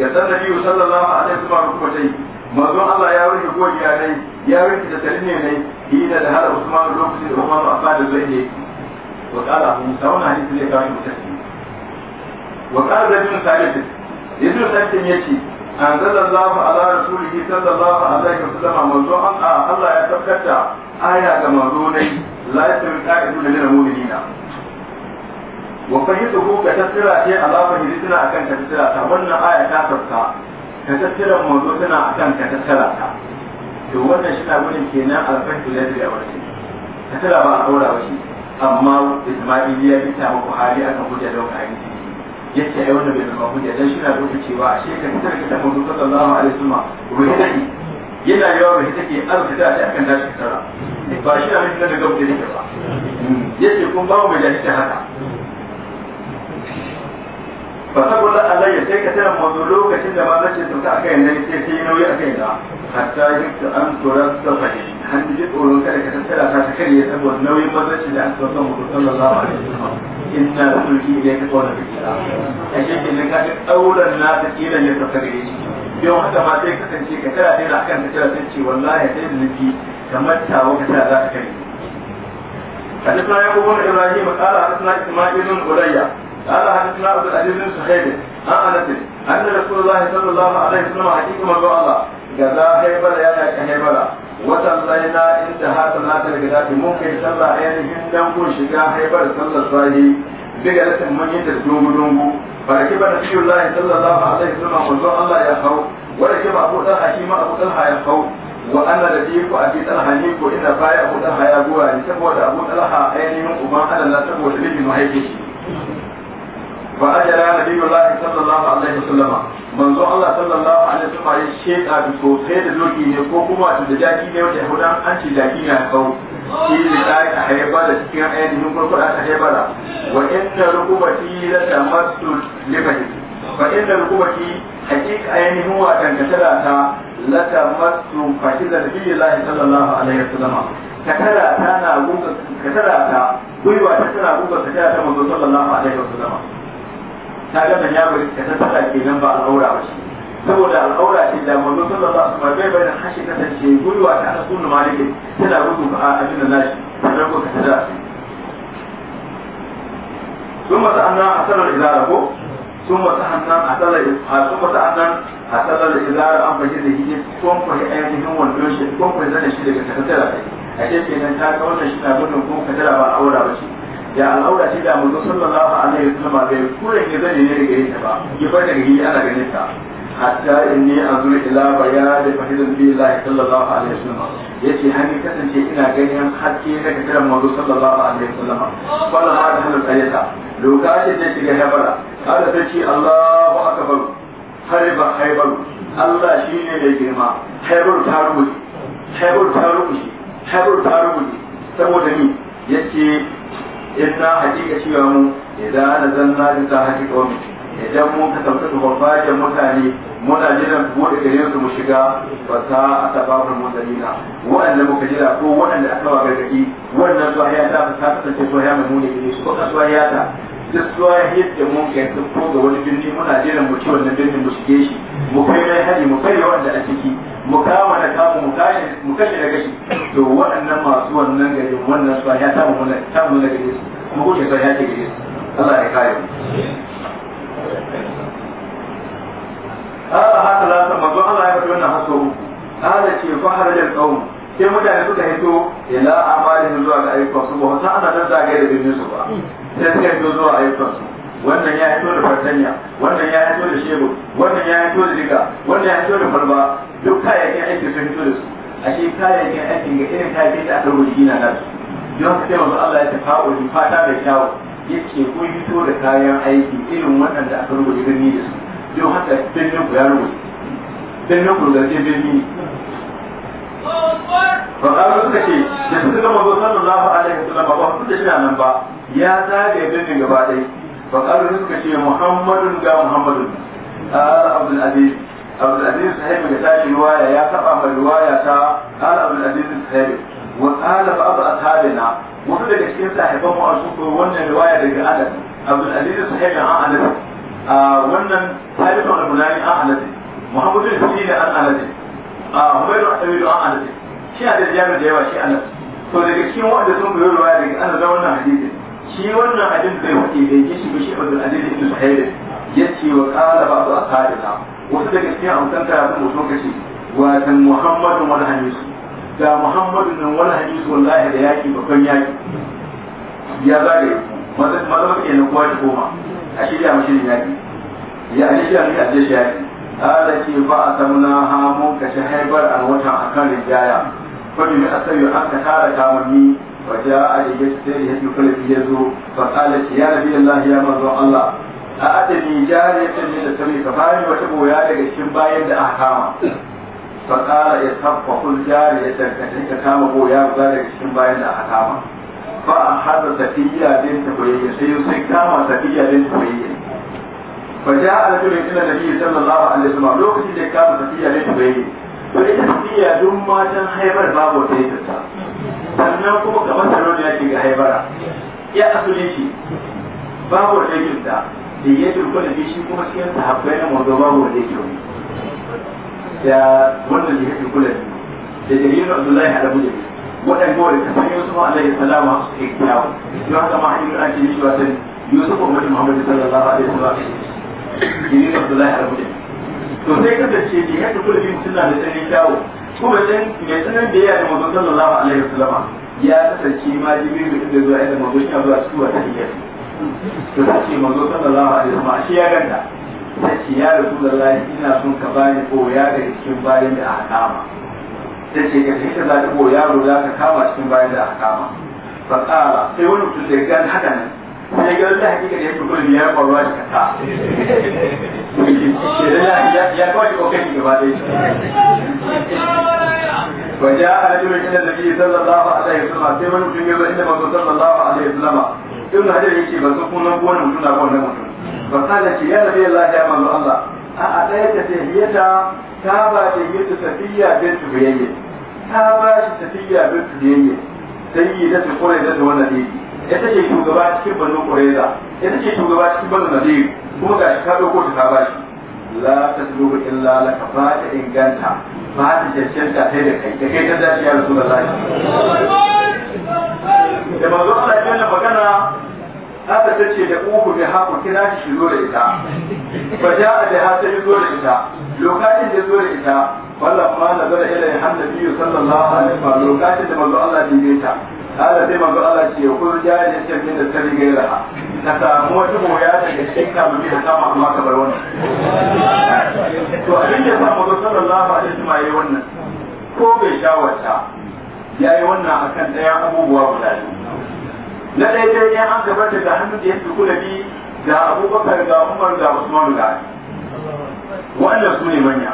ya san nabi sallallahu alaihi wa sallam kwatai manzon Allah ya wuce godiya ne, ya wuce da tarine ne yi da har Usman lokaci da Umar Affan da zai ne wa qala Musa wa hadith da kai mutasi wa qala rajul salih yadu salih yace anzalallahu ala rasulihi sallallahu alaihi wa sallam manzon Allah ya tabbata aya ga manzo ne la yasri qa'idu lil mu'minina wa fahimtuhu ka tafsira ce ala fahimtuna akan ka tafsira ta wannan aya ta sauka ka tafsira mazo tana akan ka tafsira ta to wannan shi na gudun kenan alfahimtu da ya warke ka tara ba a ɗora ba shi amma isma'il ya bi ta muku hali akan hujja da wani hadisi yace ai wannan bai zama hujja dan shi na gudun cewa a shekar ta rikita mazo sallallahu alaihi wasallam ruhi yana yawa ruhi take da ta akan tashi tara ba shi na mutum da gaba da ba yace kun ba mu jahilta haka fa saboda ya sai ka tara mazu lokacin da ma rashin sauka akai nan sai sai nauyi akai na hatta yadda an tura ta fahimi hannu ji tsoron kada ka tattara ta ta karye saboda nauyin mazarci da aka sauka mutu sallallahu alaihi wasallam inna sulki ilai ka tsawon da kira a shekin da ka ji tsauran na ta kila ya ta gare shi yau haka ma sai kasance ka tara ta akan ta tara ta ce wallahi sai da nufi kamar tawo ka ta za ta karye حدثنا يعقوب بن ابراهيم قال حدثنا اسماعيل بن عليا قال حدثنا عبد العزيز بن سخيب عن انس ان رسول الله صلى الله عليه وسلم حكيم من الله غدا هيبل يا كهيبل وصلينا انتهى صلاه الغداء ممكن صلى عينهم دنبو شجا هيبل صلى الصلاه بغلة من يدر دونغو دونغو فركب نبي الله صلى الله عليه وسلم وزوى الله يخو وركب ابو طلحه شيما ابو طلحه يخو وانا رديك ابي طلحه نيكو ان باي ابو طلحه يا بوالي سبوه ابو طلحه عينهم وما انا لا سبوه لبي مهيكشي wa ajara nabiyullahi sallallahu alaihi wasallama manzo Allah sallallahu alaihi wasallama ya sheka da sosai da doki ne ko kuma da jaki ne wata hudan an ce jaki na kawo shi ne ta ka haiba da cikin ainihin kurkuda ta haiba da wa inna rukubati la tamassu libati fa inna rukubati hakika ainihin wa dangantaka ta la tamassu fashila nabiyullahi sallallahu alaihi wasallama katara ta na gunga katara ta gwiwa ta tana gunga katara ta manzo sallallahu alaihi wasallama ta ga nan ya bari ka ta ke nan ba al'aura ba shi saboda al'aura ce da manzo sallallahu alaihi wasallam bai da hashi kasance guduwa ta ana sunna malike tana gudu a ajin nashi sannan ko ka tada ثم سألنا أثر الإزارة ثم سألنا أثر ثم سألنا أثر الإزارة shi فجده كم فهي shi والبيوش ta فهي ذلك الشيء لك تكتلا فيه shi na تاكا وانا شنا بنا كم كتلا ba shi ya al'aura shi da mutum sallallahu alaihi wasallam bai kure ne zai ne gare ta ba ya bar daga gidi ana ganin ta hatta inni azur ila baya da fahidin bi Allah sallallahu alaihi wasallam yace hani kasance ina ganin hakke na kitaran manzo sallallahu alaihi wasallam wal hada hal doka ce ce shiga habara kada ta ce Allahu akbar hariba haibar Allah shine mai girma haibar ta rubuce haibar ta rubuce haibar ta rubuce saboda ni yace yadda hakika cewa mu idan ana zanna da ta hakika wani idan mu ka tabbata babban mutane muna jiran mu da gare su mu shiga ba ta tababul mutalina wanda muka jira ko wanda aka wa gargadi wannan su haya ta ta kasance su haya mu ne ne su ka su haya ta duk su haya da mu ke su ko ga wani binni muna jiran mu ci wannan binnin mu shige shi mu kai mai hali mu kai wanda a ciki mu kama da kama mu kashe mu da kashi to waɗannan masu wannan gari wannan su ya samu mun samu mun da su mu kuce sai ya ce gari Allah ya kare mu Allah haka la san Allah ya faɗi wannan haso Allah ce fa da kaum sai mutane suka hito ila amalin zuwa ga ayyukan su ba ta ana da zagaye da bin su ba sai suka hito zuwa ayyukan su wannan ya hito da fartanya wannan ya hito da shego wannan ya hito da diga wannan ya hito da farba duk kayayyakin aiki sun fito da su ashe kayayyakin aikin ga irin kayayyakin da aka rubuta gina nan don ka taimaka Allah ya tafa'uli fata da kyawu yake kun fito da kayan aiki irin waɗanda aka rubuta gani da su don haka birnin ku ya rubuta birnin ku da birni Fakaru suka ce, da suka gama صلى الله عليه وسلم ba ba شيء da shi nan ba, ya zagaye birnin gaba ɗaya فقالوا لك شيء محمد جاء محمد قال عبد العزيز عبد العزيز صحيح تاج رواية يا تبع الرواية قال عبد العزيز صحيح وقال بعض أصحابنا وفي لك صاحب صاحبهم أشوفه وانا رواية لك أدب عبد العزيز صحيح عن أدب وانا ثالث البناني عن أدب محمد الفليل عن أدب عمر الطويل عن أدب شيء هذا الجامع جيوا شيء أنس to daga cikin wanda sun biyo ruwa daga ana da shi wannan abin bai wuce bai ji shi ba shi abdul aziz ibn suhaib yace wa qala ba'du ta. wasu daga cikin amsan ta sun mutum kace wa san muhammadun wal hanis da muhammadun nan wal hanis wallahi da yaki babban yaki ya zagaye mazan mazan ke na kuwa ta koma a shirya mashi yaki ya a shirya ne a shirya yaki ala ce ba a samuna hamun kashe haibar a watan akan rijaya kwanu mai asali an ka tara kamanni وجاء إليه سيره يكلف يزو فقالت يا نبي الله يا مرضى الله أأتني جارية من السمي فباين وتبو يا لك الشمباين لأحكام فقال يصحب كل جارية كتنك كام أبو يا ذلك الشمباين لأحكام فأحد سكية بنت بويه سيسك كام سكية بنت بويه فجاء رجل إلى النبي صلى الله عليه وسلم لوكسي كام سكية بنت بويه فإذا سكية دم ما تنخيبر بابو تيتسا sannan kuma kamar sanar ya shiga haibara ya asali shi babu rajin da da ya turko da shi kuma yanta sahabbai na mazo babu wanda yake wani da wannan da ya turko da shi da jami'in abdullahi alabu da shi waɗanda wani ta san yusuf alaihi salam su ke kyawu don haka ma hanyar an ce shi wasan yusuf umar muhammad sallallahu alaihi abdullahi da shi sai kasance da ya turko da shi suna da tsanin kyawu furucin mai sanin biyayya da manzon sallallahu alaihi wasallama ya kasance ma da inda zuwa inda manzon ya zuwa cikin wata hiyar to ta ce manzon sallallahu alaihi wasallama shi ya ganda ta ce ya rasulullahi ina son ka bani ko ya ga cikin bayan da aka kama ta ce ka fita za ta ko yaro za ka kama cikin bayan da aka kama fa sai wani mutum da ya gani haka nan sai ga wata hakika da ya su kuma ya kwaruwa shi kasa ya kawai kokari gaba dai وجاء رجل الى النبي صلى الله عليه وسلم sai wani mutum ya zo inda manzo sallallahu alaihi wasallam na hajar yake ba su kuma ko wani mutum na ko wani mutum ba da ce ya nabi Allah ya manzo Allah a a daya ta tahiyata ta ba ta yi ta tafiya bin tubiyayye ta ba shi tafiya bin tubiyayye sai yi ta kore da wannan dai ita ce shugaba cikin banu ƙureza ita ce shugaba cikin banu nadiru kuma ga shi ka ɗauko ta ka bashi la ta zuba illa la ka ba ta inganta ba ta cancanta sai da kai da kai ta dace ya rasu da lafi da manzo Allah ya wannan magana haka ta ce da uku da haku kira shi zo da ita ba ja a da hasa yi zo da ita lokacin da zo da ita wallan ma nazara ila ya hannabi sallallahu alaihi wa sallam lokacin da manzo Allah ya ta kada sai manzo Allah ce ya kullu ya da cikin min da sani ga yara ka samu wata boya daga cikin kamar da kama amma ka bar wannan to abin da samu zo sallallahu alaihi wasallam yayi wannan ko bai sha wata yayi wannan akan daya abubuwa guda na dai dai ne an gabata da hannu da yake kula bi da abubakar ga umar ga usman ga wannan su ne manya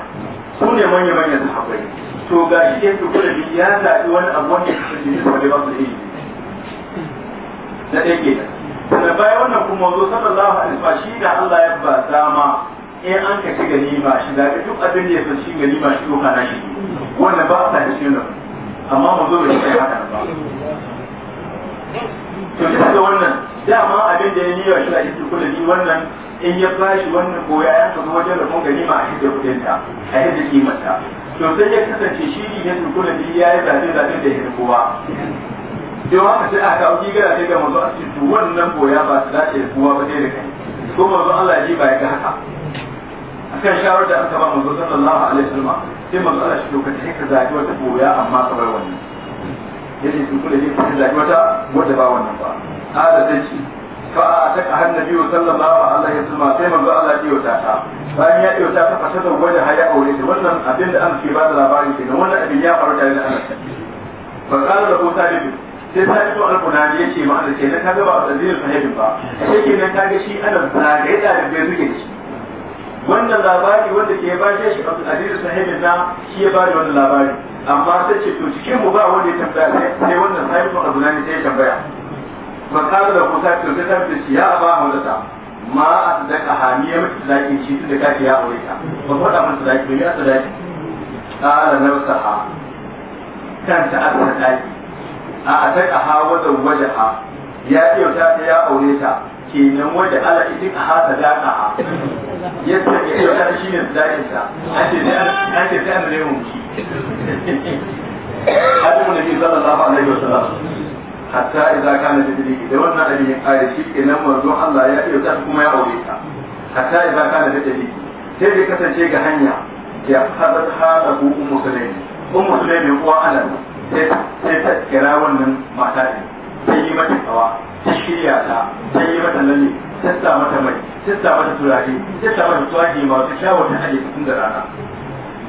su ne manya manya sahabbai to ga shi ke su kula ya zaɓi wani abu wanda ya fi shi kuma da ba su da ilimi na ɗaya da, sannan bayan wannan kuma zo sallallahu alaihi wa shi da Allah ya ba dama in an ka ci ganima shi ka duk abin da ya san shi ganima shi ko kana shi wannan ba a sa shi nan amma mu zo da shi haka ba to bisa da wannan dama abin da ya yi wa shi a cikin kula wannan in ya bashi wannan koya ya tafi wajen da kun ganima a shirya kudinta a yadda kimanta to sai ya kasance shi ne ya tukuna biyu ya yi zaɓe zaɓe da ya kowa don haka sai aka auki gara ga manzo a cikin to wannan boya ba su dace da kowa ba dai da kai ko manzo Allah ji ba ya ga haka A kan shawarar da aka ba manzo sallallahu alaihi wasallam sai manzo Allah shi lokacin sai ka zaɓi wata boya amma ka bar wannan yace tukuna biyu ka zaɓi wata wadda ba wannan ba ala sai a wa فأعتقها النبي صلى الله عليه Allah كما قال ديوتا bayan ya ɗauka ta fata da gwada haya aure ta wannan abin da an ke ba da labari ke don wannan abin ya faru tare da anas ba kala da kota da sai ta fito alkunani ya ce ma da ke na kaga ba a tsaddinin sahibin ba sai ke nan ga shi ana na da ya ɗalibai suke da shi wannan labari wanda ke ba shi a abdulaziz sahibin na shi ya ba da wannan labari amma sai ce to cikin mu ba wanda ya tambaya sai wannan sahibin abdulaziz sai ya tambaya Ka na da kusa da ta fita cewa, ta fita cewa ya ta. Ma a ta daka ha. Ni ya ma ta sadaki ya aure ta. Ba ko ta ma sadaki ba, mba ya sadaki. Ka na nawa ta ha. Kanta a tana daki. A ta kaha wajen waje ha. Ya ɗi ta ya aure ta. Ke nan waje Allah i ta ta ta kaha. Ƴan na ke yi ta shi ne da ɗin sa. An ce ta na mu ci. A ta saka na ɗauke sallar ala ma hatta idza kana tadri da wannan abin ya kare shi kenan manzo Allah ya yi ta kuma ya aure ta hatta idza kana tadri sai ya kasance ga hanya ya hadar hada ku ummu sulaimi ummu sulaimi kuwa ana sai ta kira wannan mata ne sai yi mata tsawa ta shirya ta ta yi mata lalle ta sa mata mai ta sa mata turare ta sa mata tuwaje ma ta sha wata hali cikin da rana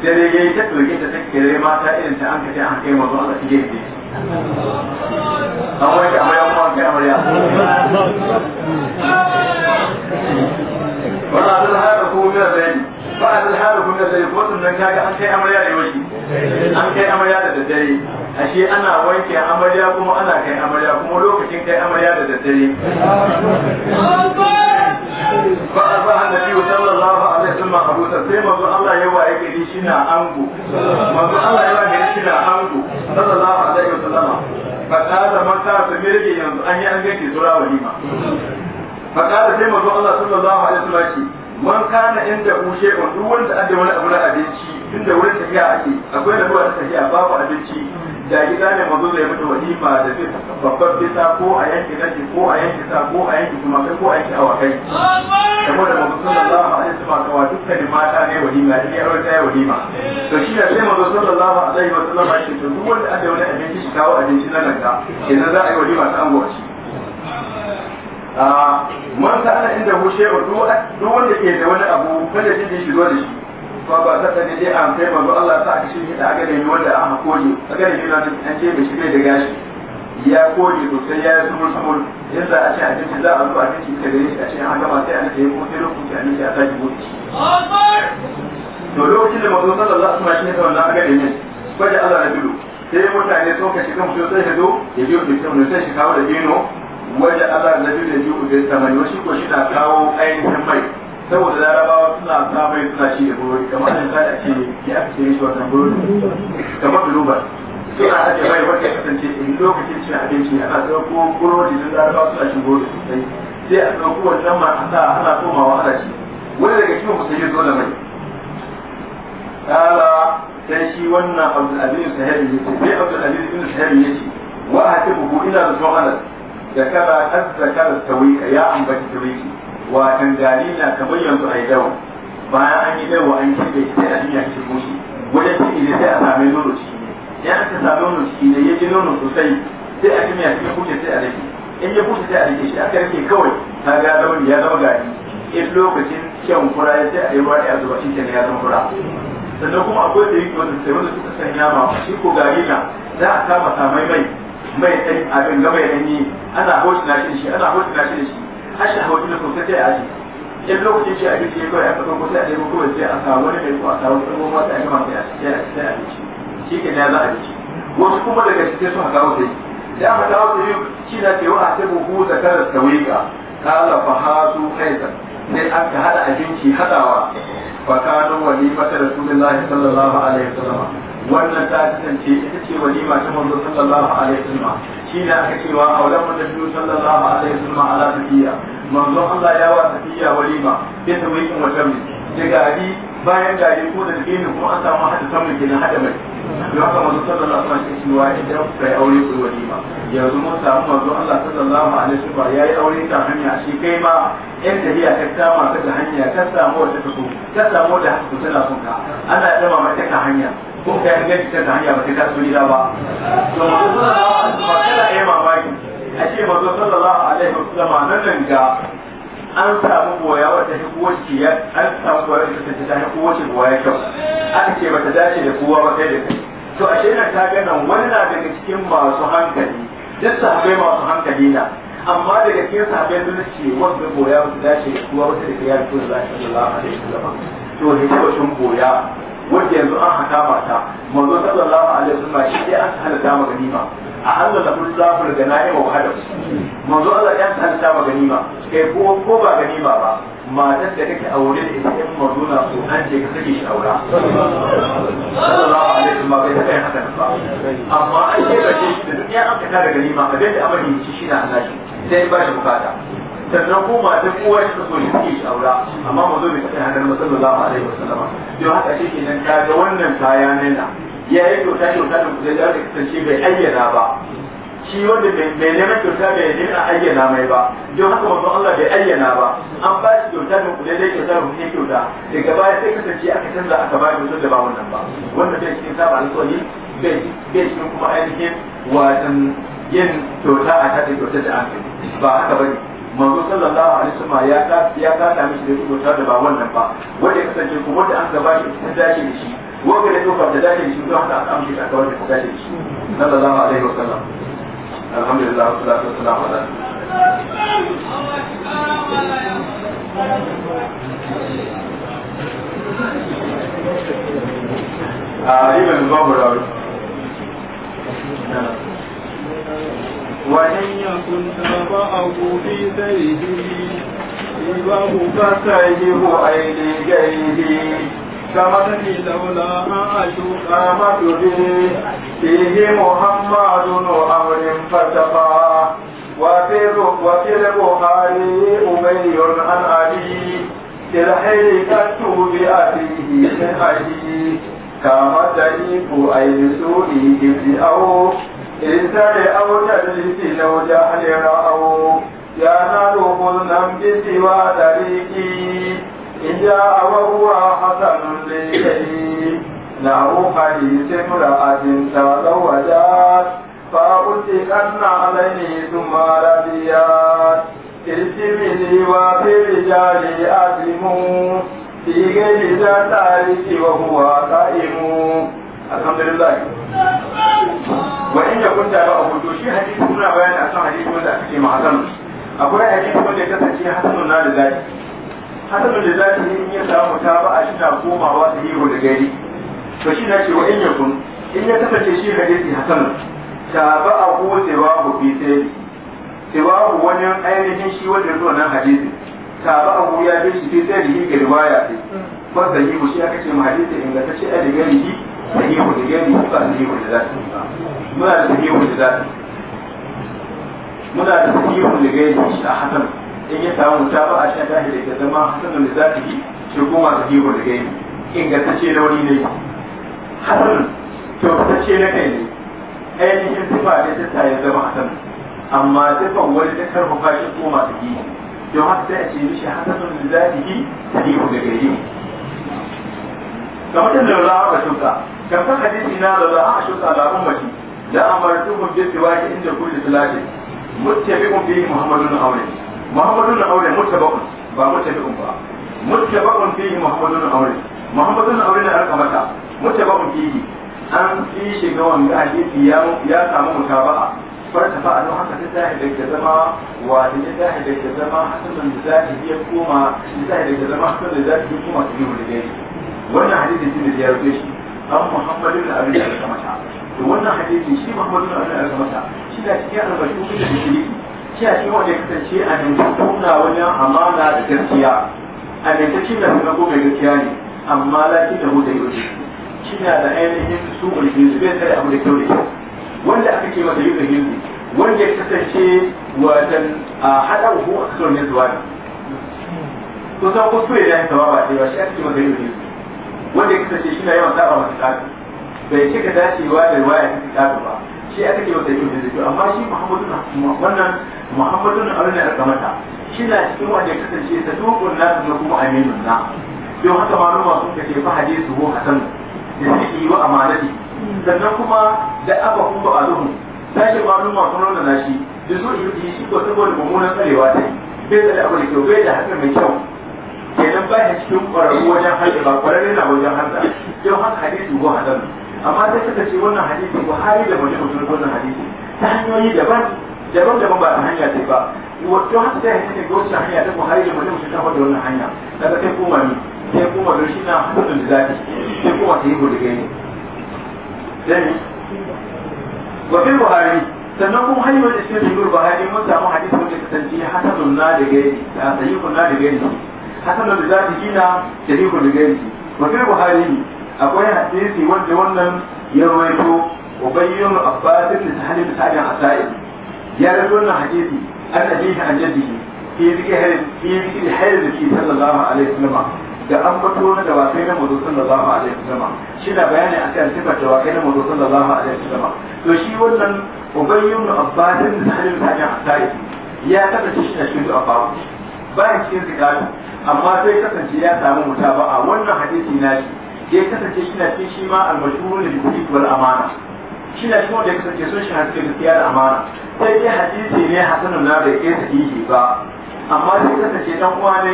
sai dai ya ta doke ta ta kira mata irin ta an kace an kai manzo Allah ta gefe an wanke ya kuma an kai wannan abin da kuma biyar da yanki ba a zalhara kun da dare ko tun kaga an kai amarya da yoshi an kai amarya da daddare A shi ana wanke amarya kuma ana kai amarya kuma lokacin kai amarya da daddare ba a ba da biyu sallallahu alaihi wasallam abu ta sai manzo Allah ya waye gari shi na ango manzo Allah ya waye gari shi na ango sallallahu alaihi wasallam fa ta da mata su mirge yanzu an yi an gaji sura walima fa ta da sai manzo Allah sallallahu alaihi wasallam man kana inda shi on duk wanda ake wani abu na abinci tunda wurin tafiya ake akwai da ruwa tafiya babu abinci da gida ne mazo zai mutu walima da zai babbar bisa ko a yanki nashi ko a yanki sa ko a yanki kuma kai ko a yanki awakai saboda mazo sallallahu alaihi wasallam duk dukkanin mata ne walima da ya rawar tayi walima to shi ne sai mazo sallallahu alaihi sallam ya ce duk wanda ake wani abinci shi kawo abinci na nan ka kenan za a yi walima ta shi man kana inda hu shay'un duk wanda ke da wani abu kada shi shi zo da shi ba ba ta da dai an kai ba Allah ta ka shi da ga ne wanda an koje ga ne na an ce mai shi ne da gashi ya koje to sai ya zo sumul sabon yanda a ce a cikin za a zo a cikin ka da shi a ce an gama sai an ce ko sai lokaci an ce a saki mutu to lokacin da manzo sallallahu alaihi wasallam shi ne wannan ga ne da Allah na dudu sai mutane sun ka kan mutum sai ka zo ya biyo mutum sai shi kawo da dino waje na nabi da biyu da samai wasu ko shi na kawo ainihin mai saboda larabawa suna samai suna shi da burodi kamar da ta ce ya fi ce shi wannan burodi kamar global suna haɗe mai wanda ya kasance in lokacin cin abinci ana ɗauko burodi da larabawa suna shi burodi sosai sai a ɗauko wannan ma a sa ana komawa ana shi wani daga cikin musulmi dole mai kala sai shi wannan abdulaziz sahari ya ce sai abdulaziz ibn sahari ya ce wa hatibuhu ila rasul anas ذكر قد ذكر التويك يا أم بتويك وتنزالينا تبين تغيدو bayan an yi dawo an shirya shi sai a jiya shi wajen ciki ne sai sami nono ciki ne idan aka sami nono ciki ne ya nono sosai sai a jiya shi goshi sai a rage in ya goshi sai a rage shi aka rage kawai ta ga rauni ya zama gari in lokacin kyan kura ya sai a yi wani a zuba shi kenan ya zama kura kuma akwai da yake wanda sai wanda suka sanya ma shi ko gari za a kama samai mai mai tsayi a kan gaba ya danyi ana hotuna shi da shi ana hotuna shi da shi har shi hotuna ko sai a aji in lokacin shi a gidan ya kawai aka ɗauko sai a nemo kawai sai a samu wani mai ko a samu wani ɗan goma sai a gama sai a sai a ci shi ke na za a ci wasu kuma daga cikin sun haka wasu da aka kawo su yi shi na cewa a sai buhu zakarar tawika kala fa hasu ne an ka haɗa abinci hadawa fa kanu walimata rasulullahi sallallahu alaihi wasallam wannan ta kasance ita ce walima ta manzo sallallahu alaihi wasallam shi ne aka cewa auren aulan manzo sallallahu alaihi wasallam ala tafiya manzo Allah ya wa tafiya walima sai ta mai wata mai da gari bayan gari ko da dake ne kuma an samu hada samun ke hada mai don haka manzo sallallahu alaihi wasallam cewa idan kai aure ko walima yanzu mun samu manzo Allah sallallahu alaihi wasallam yayi aure ta hanya shi kai ma yan tafiya ta kama ka da hanya ta samu wata ta so ka samu da hakku tana son ka Allah ya dama mata ka hanya kun hanya ba sai ta so gida ba to manzo sallallahu ai mamaki a nan nan an samu goya wata ta ya an samu goya wata ta ta kowace goya kyau aka ce bata dace da kowa ba sai da kai to ashe na ta ga nan wani na daga cikin masu hankali duk sahabbai masu hankali na amma daga cikin sahabbai sun ce wanda goya wata dace da kowa wata da kai ya rasu da Allah sallallahu alaihi wasallam to ne sun batun wanda yanzu an haka mata manzo sallallahu alaihi wasallam shi dai an halatta ma ganima a Allah da kullu zafir ga na'i wa hada manzo Allah ya halatta ma ganima kai ko ko ba ganima ba matar da kake aure da ita in manzo na so an ce ka sake shi aura sallallahu alaihi wasallam bai kai haka ba amma an ce ka ce da duk ya an da ganima abin da amari shi na Allah sai ba shi bukata sannan ko matan uwar ta so ne suke aura amma mu zo bai cikin hadar sallallahu alaihi sallama. don haka shi ke nan kaga wannan kaya nena ya yi kyauta kyauta da kudin da aka kasance bai ayyana ba shi wanda bai neman kyauta bai nemi a ayyana mai ba don haka manzon Allah bai ayyana ba an ba shi kyauta da kudin da kyauta da kudin kyauta daga baya sai kasance aka canza aka ba kyautar da ba wannan ba Wannan bai cikin saba alƙawari bai bai cikin kuma ainihin wajen yin kyauta a taɗin kyautar da an ba haka ba ne manzo sallallahu alaihi wasallam ya ta ya ta da mishi da riko da ba wannan ba wanda ya kasance kuma da an gaba shi ta dace da shi wanda da kofar da dace da shi don haka aka amshi da kawai da dace da shi sallallahu alaihi wasallam alhamdulillah sallallahu alaihi wasallam a yi mai وإن يكن أباه في سيده إباه فسيده أي لغيره كمثل لولا أشوق مكري فيه محمد أمر فتقى وفي وفي البخاري أبي عن علي كالحيل كتب بأبيه من علي كما تليق أي بسوء ابن أوف in ta ne auta jiki na wajen hadira ya na rukun nan jiki wa da riki in ja abubuwa hasanun da ya yi na hukari sai mura ajin ta lawaja fa uti kanna alaini tuma rabiya ilimi wa fili jari ajimu Sige ni ta tariki wa huwa ta imu alhamdulillah wa in ya kunta ba abu to shi hadisi muna bayani akan hadisi wanda aka ce ma'azam akwai hadisi wanda ya kasance hasanun na da zaki hasanun da zaki in ya samu ta ba a shi na komawa ta hiro da gari to shi na ce wa in ya kun in ya kasance shi hadisi hasanun ta ba a ko tsewa ku fi sai tsewa wani ainihin shi wanda ya zo nan hadisi ta ba a ya bi shi fi sai da hi ga riwaya ce fasa yi mu shi aka ce ma hadisi ingantacce a da gari sahihu da gani ba sahihu da zati ba muna da sahihu da zati muna da sahihu da gani shi a hasan in ya samu ta ba a sha tashi da zama hasanun da yi shi kuma sahihu da gani ingantacce da wani ne hasan ce na kai ne ainihin sifa da ta ta yi zama hasan amma sifan wani ta karfafa shi kuma masu yi don haka sai a ce mishi hasanun da zati sahihu da gani kamar da lura ba shuka ka san hadisi na da za a shuka ala ummati la amartuhum bi siwaki inda kulli salatin muttabi'un bihi muhammadun aure muhammadun aure muttaba'un ba muttabi'un ba muttaba'un bihi muhammadun aure muhammadun aure na alkamata muttaba'un bihi an fi shiga wanga hadisi ya ya samu mutaba'a farka fa don haka ta zahiri da zama wa da zahiri da zama hasanan da zahiri ya koma da zahiri da zama hasanan da koma hadisi ne da ya an muhammadu da abin da ya kamata to wannan hadisi shi muhammadu da abin da ya kamata shi da cikin albashin kuma da shiri shi a cikin wanda ya kasance a dangantakun na wajen amana da gaskiya a dangantakun na suna gobe gaskiya ne amma laki da hu da yau shi na da ainihin su ulhizu bai tare abu da kyau da kyau wanda aka ce masa yau da hizu wanda ya kasance wajen a haɗa hu a kasar ne zuwa ne kusan kuskure ya yi ce ba shi ake masa yau da hizu wanda ya kasance shi na yawan saba masu kafi bai cika dacewa da ya ta kafi ba shi aka ke wata yau da zai amma shi muhammadun wannan muhammadun alunan alkamata shi na cikin wanda ya kasance ta tukun na kuma kuma aminun na don haka malama sun kace fa hadisu ko hasan da yi wa amanati sannan kuma da aka kuma a ruhu sashe malama sun na shi da so shi ko saboda mummunan tsarewa ta yi bai da abu da kyau bai da hakan mai kyau kenan ba ya cikin ƙwararru wajen haƙi ba ƙwararre na wajen hanta yau haka hadisi ko hadan amma sai suka ce wannan hadisi ko hari da muslim mutum wannan hadisi ta hanyoyi daban daban daban ba ta hanya ce ba wato haka sai hadisi ko ta hanya ta hari da mutum ta tabbata wannan hanya daga kai kuma ni sai kuma don shi na hannun da zafi sai kuma ta yi gurgai ne dan wa fil buhari sannan kuma hanyar da shi da buhari mun samu hadisi wanda kasance hasanun na da gani da sayyukun na da gani hasanun da zaki kina sharifu da gairi wa fil buhari akwai hadisi wanda wannan ya rawaito ubayyun abbas ibn sahal ibn sa'id asai ya rawaito wannan hadisi an abihi an jaddihi fi zikri fi zikri hayr da sallallahu alaihi wasallam da an fito na dawakai na mazo sallallahu alaihi wasallam shi na bayani akan sifar dawakai na mazo sallallahu alaihi wasallam to shi wannan ubayyun abbas ibn sahal ibn sa'id asai ya kasance shi na shi a babu Bayan cikin zikatu amma sai kasance ya samu mutaba'a wannan hadisi na shi ya kasance shi na cikin shi ma al-mashhurun bil kutub wal amana shi na cikin wanda ya kasance sun shi hadisi da da amana sai dai hadisi ne hasanun na bai kai sahihi ba amma sai kasance dan uwa ne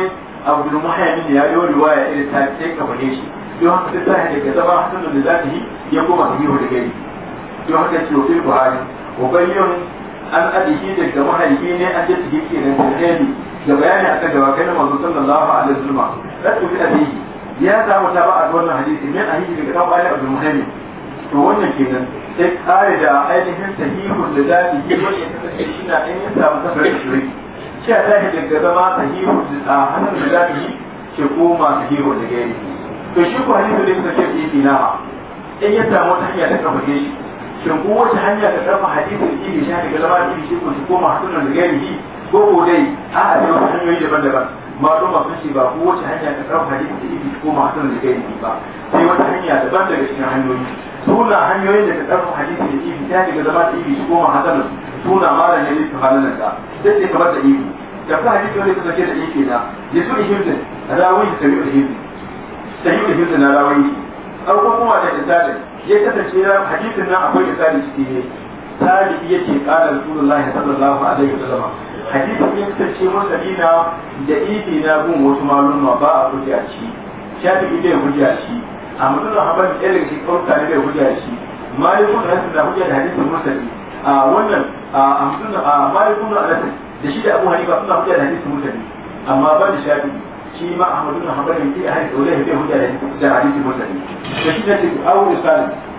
abdul da ya yi riwaya irin ta sai ka bane shi don haka sai sai da zama hasanun da zatihi ya koma sahihu da gari don haka ce wa fil buhari wa bayyana an abihi daga mahaifi ne an jita yake ke tsirrani da bayani akan dawakai na manzo sallallahu alaihi wasallam rasu bi abihi ya samu ta ba'a wannan hadisi min ahihi daga dan bayan abdul muhammad to wannan kenan sai kare da ainihin sahihun da za ta yi wannan kasance shi na in ya samu safarin shirai. shi a tashi daga zama sahihul da hannun da za ta yi ke koma sahihul da gairi to shi ko hadisi da kasance shi na in ya samu ta hanya ta kafa shi shin ko wata hanya ta dafa hadisin ilimi ya daga zama ilimi shi ko ko masu nan da gani ko ko dai a a da wasu hanyoyi daban-daban masu masu sun ba ko wata hanya ta dafa hadisin ilimi shi koma nan da gani ba sai wata hanya daban daga cikin hanyoyi suna hanyoyin da ta dafa hadisin ilimi ya daga zama ilimi ko masu nan suna mara ne lissa halin da sai sai kamar da ilimi da kuma hadisi wanda kuka ce da ilimi na yasu ihimdin rawin sami'ul himdin sami'ul himdin na rawin au kuma da isalin ya kasance ya hadisin nan akwai misali ciki ne ya yace qala rasulullahi sallallahu alaihi wasallam hadisin ya kasance na da idi na gun wasu malumma ba a hujja shi shafi'i bai hujja shi a mutum haban ilin shi kauta ne bai hujja shi malikun hasan da hujja da hadisin musali a wannan a mutum a malikun da shi da abu hanifa suna hujja da hadisin musali amma ba da shafi. shi ma Ahmad ibn Hanbal yake a hadisi dole yake hujja da hadisi mutane da shi ne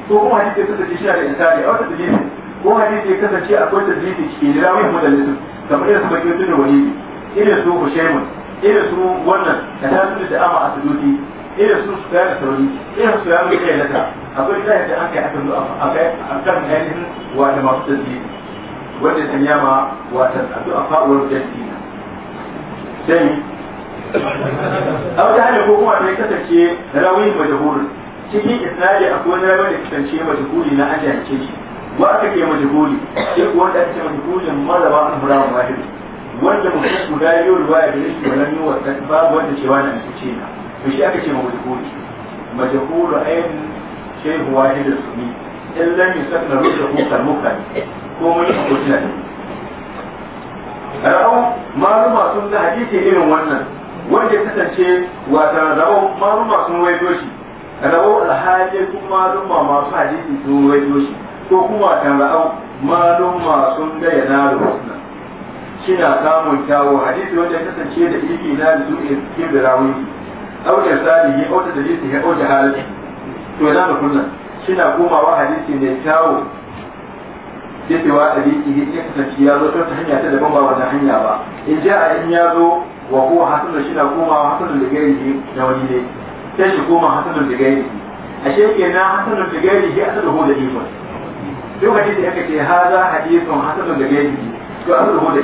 ko kuma hadisi ya kasance shi da dalili ko hadisi ya kasance dalili cikin kamar irin su bakin da wani irin su irin su wannan da ta da ama irin su su sauri irin su ya akwai da an kai aka zo a kai akan ainihin wa masu dalili wanda addu'a sai aw ta hanyar ko kuma da ya kasance rawi majhul cikin isnadi akwai wani rawi da kasance majhuli na ajiyance shi wa aka ke majhuli shi ko wanda aka ce majhulin mazaba an burawa wahid wanda mutum guda ya yau ruwaya da yake wannan yi wata babu wanda cewa na ce na to shi aka ce majhuli majhulu ayin shehu su ne, in zan lam yusakna rusuhu kal mukan ko mun yi ko tunan rawu maluma sun ga hadisi irin wannan wanda ya kasance wata rabon maluma sun waito shi rabon alhaji kuma maluma masu hadisi sun waito shi ko kuma ta rabon maluma sun gaya na Shi kina samun kyawo hadisi wanda ya kasance da ilimi na da zuwa cikin da rawuni au da ya auta da dalili ya auta halin to da kunna kina komawa hadisi ne kyawo yace wa hadisi ya kasance ya zo ta hanya ta daban ba wannan hanya ba in ja a in ya zo wa huwa hasanun shi na komawa hasanun da gairi na wani ne sai shi koma hasanun da gairi ashe kenan hasanun da gairi shi asaluhu da ifon duk da aka ce haza hadisun hasanun da gairi to asaluhu da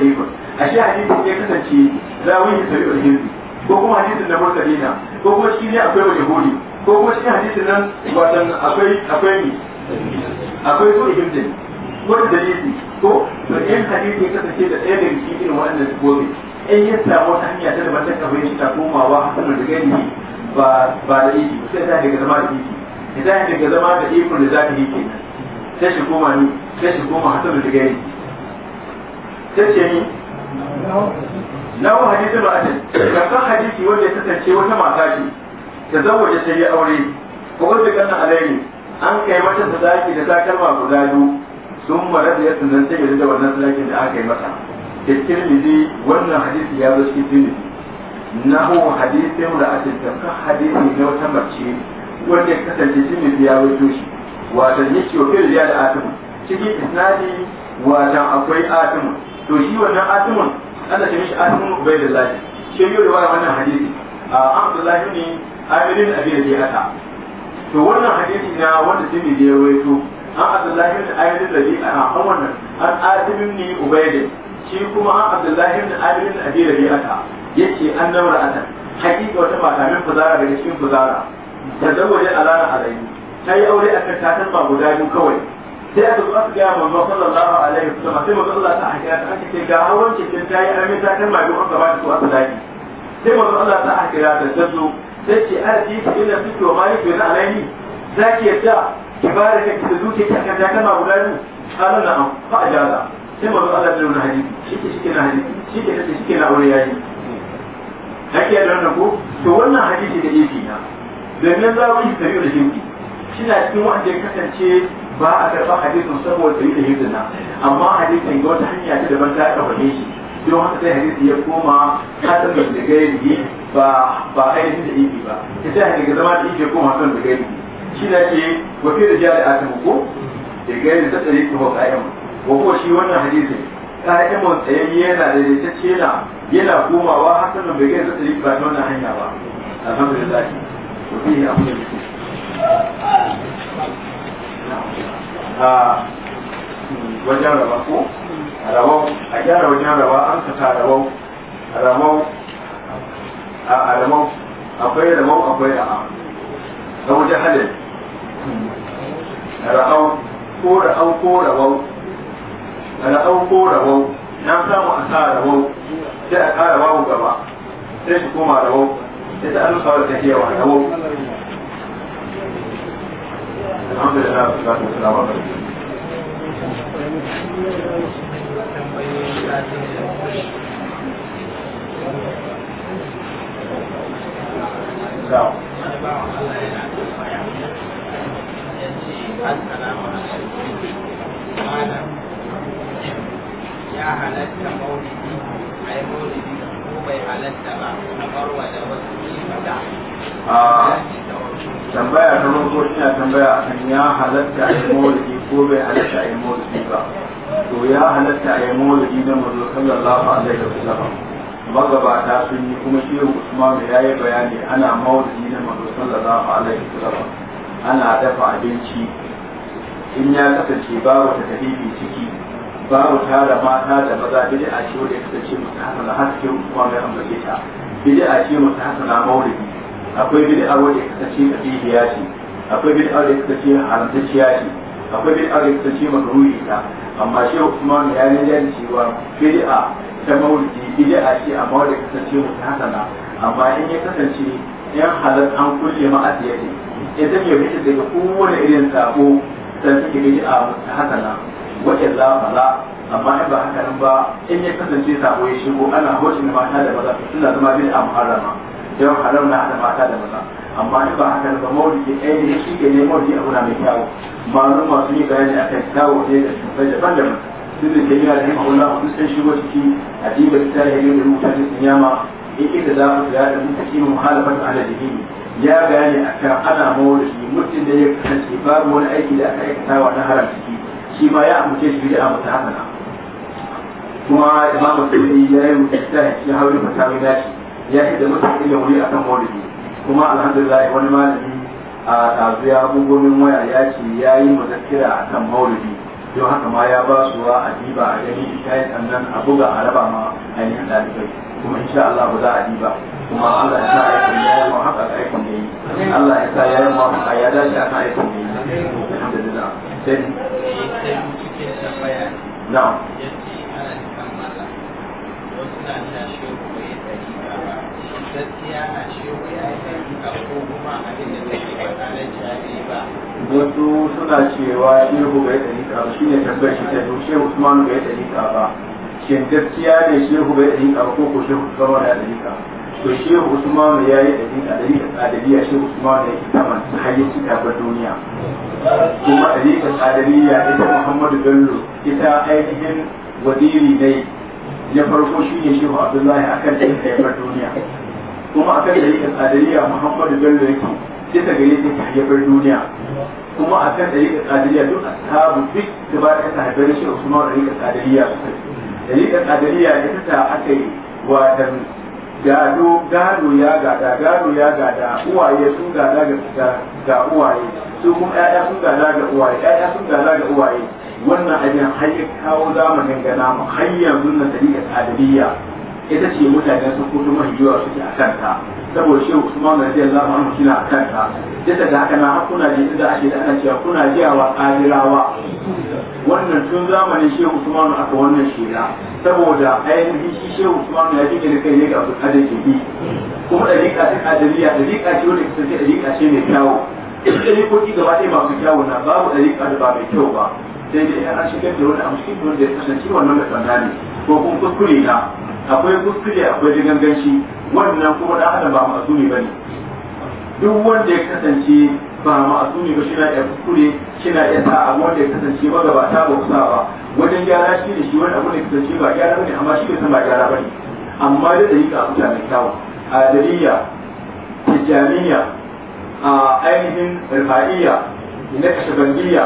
A shi hadisin ya kasance za zawin da sabi'ul hirzi ko kuma hadisin na mursalina ko kuma shi ne akwai wani huri ko kuma shi hadisin nan watan akwai akwai ni akwai so ihimdin ko da dalili ko to in hadisi ya kasance da ɗaya daga cikin waɗannan gobe in ya samu wata hanya ta da mata kamar shi ta komawa hasanar da gani ba ba da iki sai ta daga zama da iki idan ya daga zama da ikon da za ta yi kenan sai shi koma ni sai shi koma hasanar da gani sai ce ni nawa hadisi ba ta kasan hadisi wanda ya kasance wata mata ce ta zawaje sai ya aure ko wanda kana alaini an kai mata sadaki da takalma guda biyu sun mara da yadda nan sai da wannan sadakin da aka yi mata da tirmidhi wannan hadisi ya zo cikin tirmidhi nahu hadithin ra'atin tamka hadisi na wata mace wanda kasance tirmidhi ya rawaito shi wato yake wa fil da atimu cikin isnadi wato akwai atimu to shi wannan atimun ana ce mishi da ubaydullah shi yau da wannan hadisi a abdullahi ne amirin abin da ya hada to wannan hadisi na wanda tirmidhi ya rawaito an abdullahi da amirin da ya a an wannan an atimin ne ubaydullah shi kuma an abdullahi ibn ali ibn abi rabi'ata yace an namra ana hakika wata mata min fuzara daga cikin fuzara da zawaje alana alayhi ta yi aure akan takalma guda biyu kawai sai aka zo aka gaya manzo sallallahu alaihi wasallam sai manzo Allah ta hakira ta aka ce ga hawan cikin ta yi aure takalma biyu aka ba ta su asalaki sai manzo Allah ta hakira ta tazo sai ce arji ta illa fito ma yi bin alayhi zaki yadda ki bare ka ki zuke ki kan takalma guda biyu kana na'am fa ajala sai masu Allah na wani hadisi shi ke shi na hadisi shi ke nace shi na aure yayi ake yadda wannan ko to wannan hadisi da yake na domin za mu yi tafiya da shirki shi na cikin wanda ya kasance ba a karɓar hadisin saboda tafiya da shirki na amma hadisin ga wata hanya ta daban ta ɗaukake shi don haka sai hadisi ya koma hasan da gairi ba ba ainihin da yake ba ta sai hadisi zama da yake koma hasan da gairi shi na ce wa fi da jari a ko da gairi ta tsare ko ga ayyuka wa shi wannan hadisin ka'imun tsayayye yana daidaitacce yana yana komawa hasanin bai gaisa tsari ba ta wannan hanya ba alhamdulillah to bi abu da mutum a wajen raba ko a rabau a gyara wajen raba an saka rabau a rabau a rabau akwai rabau akwai ra'a ga wajen halin ra'au ko ra'au ko rabau ra'au ko rawau na samu a sa rawau sai a ƙara wawu gaba sai su koma rawau sai ta alfa da take yawa rawau alhamdulillah su ba su salama ba Thank you. ya halatta maulidi a yi maulidi ko bai halatta ba a barwa da wasu mata ah, tambaya ta roƙo ina tambaya akan ya halatta a yi maulidi ko bai halatta a yi maulidi ba to ya halatta a yi maulidi na manzo da alaihi wasallam magabata sun yi kuma shehu usman ya yi bayani ana maulidi na manzo sallallahu alaihi wasallam ana dafa abinci in ya kasance babu ta ciki babu tara mata da maza bidi a ce wanda ya kasance mutu hasana haske kuma mai ambace ta bidi a ce mutu hasana maulidi akwai bidi a wanda ya kasance ya ce akwai bidi a wanda ya kasance haramtacciya ce akwai bidi a wanda ya kasance ruhi ta amma shi mai ya rinjar cewa bidi a ta maulidi bidi a ce amma wanda ya kasance mutu hasana amma in ya kasance yan halar an kulle ma a tsaye ya zama ya daga kowane irin sako sannan ya bidi a mutu hasana wa illa fala amma in ba haka nan ba in ya kasance sabo ya shigo ana hocin mata da maza suna zama bin amharama yawan haram na hada mata da maza amma in ba haka nan ba ke ɗaya ne shi ke ne maulidi a na mai kyawu malum masu yi bayani a kan kyawu ne da shugaba daban-daban duk da ke yi alhim Allah duk sun shigo ciki a jiba ta yi da rubuta da sinyama in inda za mu ga da mutaki mu halafan aladini ya bayani kan ana maulidi mutum da ya kasance babu wani aiki da aka aikatawa na haram ciki shi ba ya amince shi bid'a mutahana kuma imam Sa'idi ya yi ya hauri hawli mutahana dashi ya yi da mutane da wuri a kan maulidi kuma alhamdulillah wani malami a ɗazu ya waya ya ce ya yi a kan maulidi don haka ma ya ba su a adiba a gani ta yi sannan a buga a raba ma ainihin ɗalibai kuma insha Allah ba za a diba kuma Allah ya sa aikin ya yi ma haka da aikin da yi Allah ya sa ya yi ma haka ya dace a kan aikin da yi alhamdulillah sai na'am gaskiya na shehu ya yi ko kuma abin da zai ba wasu suna cewa shehu bai shi ne tambayar shi ta yi shehu usman bai da dalika ba shin gaskiya ne shehu bai da dalika ba ko ko shehu usman ya dalika to shehu usman ya yi da dalika dalika tsadariya shehu usman ya yi saman hayyar cika ba duniya kuma dalika tsadariya ita muhammadu bello ita ainihin wadiri ne na farko shi ne shehu abdullahi akan dalika ya bar duniya kuma akan dalika tsadariya muhammadu bello yake sai ta gare ta hayyar duniya kuma a kan ɗariƙa ƙadiriya duk ashabu duk da ba ta haifar shi Usman ɗariƙa ƙadiriya ɗariƙa ƙadiriya ita ta aka yi wa dan gado gado ya gada gado ya gada uwaye sun gada ga uwaye su kuma ƴaƴa sun gada ga uwaye ƴaƴa sun gada ga uwaye wannan abin har ya kawo zamanin gana mu hanyar yanzu na ɗariƙa ƙadiriya ita ce mutane sun kudu mai yiwa suke a kanta saboda shehu usman radiyallahu anhu shi na a kanta bisa da haka na hakuna ji inda ake da ana cewa kuna wa kadirawa wannan tun zamanin shehu usman aka wannan shira saboda ainihin shi shehu usman ya jike da kai ne ga abu ke bi kuma dariƙa ta kadiriya rika ce wanda da rika ce mai kyawu ita dariƙoƙi gaba ɗaya masu kyawu na babu rika da ba mai kyau ba sai dai an shigar da wani amshi da wanda ya kasance wannan da tsanani ko kuma kuskure na akwai kuskure akwai jiganganci wannan kuma da hada ba ma'asumi bane duk wanda ya kasance ba ma'asumi ba shina ya kuskure shina ya sa abu wanda ya kasance ba gaba ta ba kusa ba wajen gyara shi da shi wani abu da ya kasance ba gyara bane amma shi san ba gyara bane amma da dalika a mutane kyawu a dalila tijjaniya a ainihin rifa'iyya na kashabangiya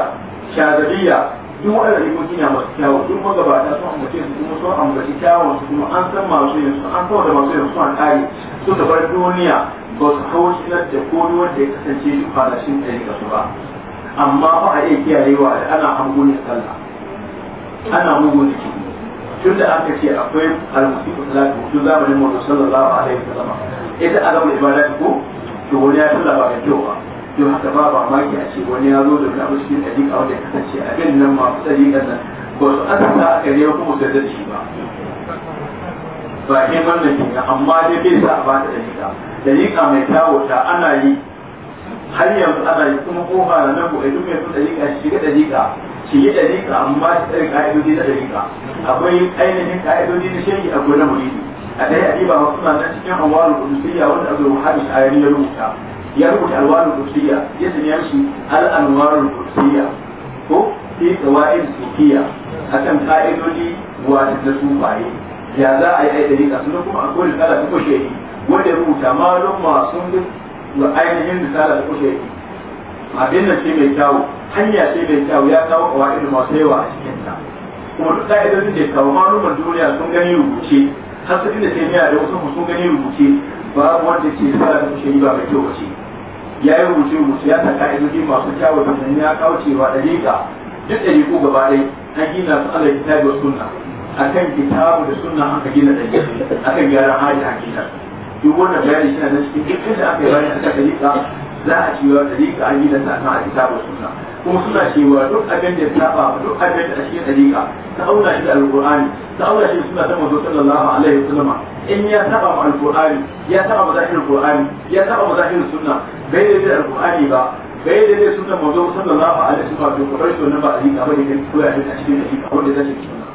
shazabiyya duk waɗanda jikokin ya masu kyawu duk ɗaya sun ambace su kuma sun ambaci kyawun su kuma an san masu yin su an kawo da masu yin su an ƙari suka bar duniya ba su kawo shi na da ko wanda ya kasance shi ba da ya su ba amma ba a iya kiyayewa da ana hango ne sallah ana mugun jiki tun da aka ce akwai ko talatu tun zamanin mutum sallallahu alaihi wasallam ita a zama ibada ko to wani ya sallah ba da kyau ba don haka ba ba maki a ce wani ya zo da kawo cikin dariƙa wanda ya kasance a gan nan masu dariƙar nan ba su sa a gare kuma su da shi ba ba ke wannan kenan amma dai bai sa a ba da dariƙa dariƙa mai kyawo ta ana yi har yanzu ana yi kuma kofa na nan ko idan mai fi dariƙa shi ga dariƙa shi yi dariƙa amma shi tsarin ka'idodi na dariƙa akwai ainihin ka'idodi na shirki a gona muridi a ɗaya a ɗiba wasu na cikin awalul ulusiyya wanda abu ruhani a yayin ya rubuta ya rubuta alwarul kursiya ya sanya shi al anwarul kursiya ko fi qawaid sufiya akan ka'idodi wa da baye. ya za a yi ai dariƙa sun kuma akwai risala ta kushe wanda ya rubuta malum masu da ainihin risala ta kushe abin nan sai mai kyawu hanya sai mai kyawu ya kawo qawaid masu yawa a cikin ta kuma duk ka'idodin da ya kawo malumar duniya sun gani rubuce har sai da sai da wasu sun gani rubuce babu wanda ke risala ta kushe ba mai kyau ba ce ya yi rubuce rubuce ya taka idoji masu kyawu da nan ya kauce wa dariƙa duk dariƙu gaba ɗaya an gina su ala kitabu da sunna akan kitabu da sunna an ka gina a akan gyara hali a gina duk wannan bayani shi na cikin duk da aka yi bayani a aka dariƙa za a cewa dariƙa an yi da sa a kitabu suna kuma suna cewa duk abin da ya saba duk abin da a cikin dariƙa ta auna shi da alƙur'ani ta auna shi suna ta manzo sallallahu alaihi wasallama in ya saba ma alƙur'ani ya saba ma zahirin alƙur'ani ya saba ma zahirin sunna bai da alƙur'ani ba bai da sunna zo sallallahu alaihi wasallama to ko shi wannan ba dariƙa ba ne ko ya a cikin dariƙa wanda ta ce sunna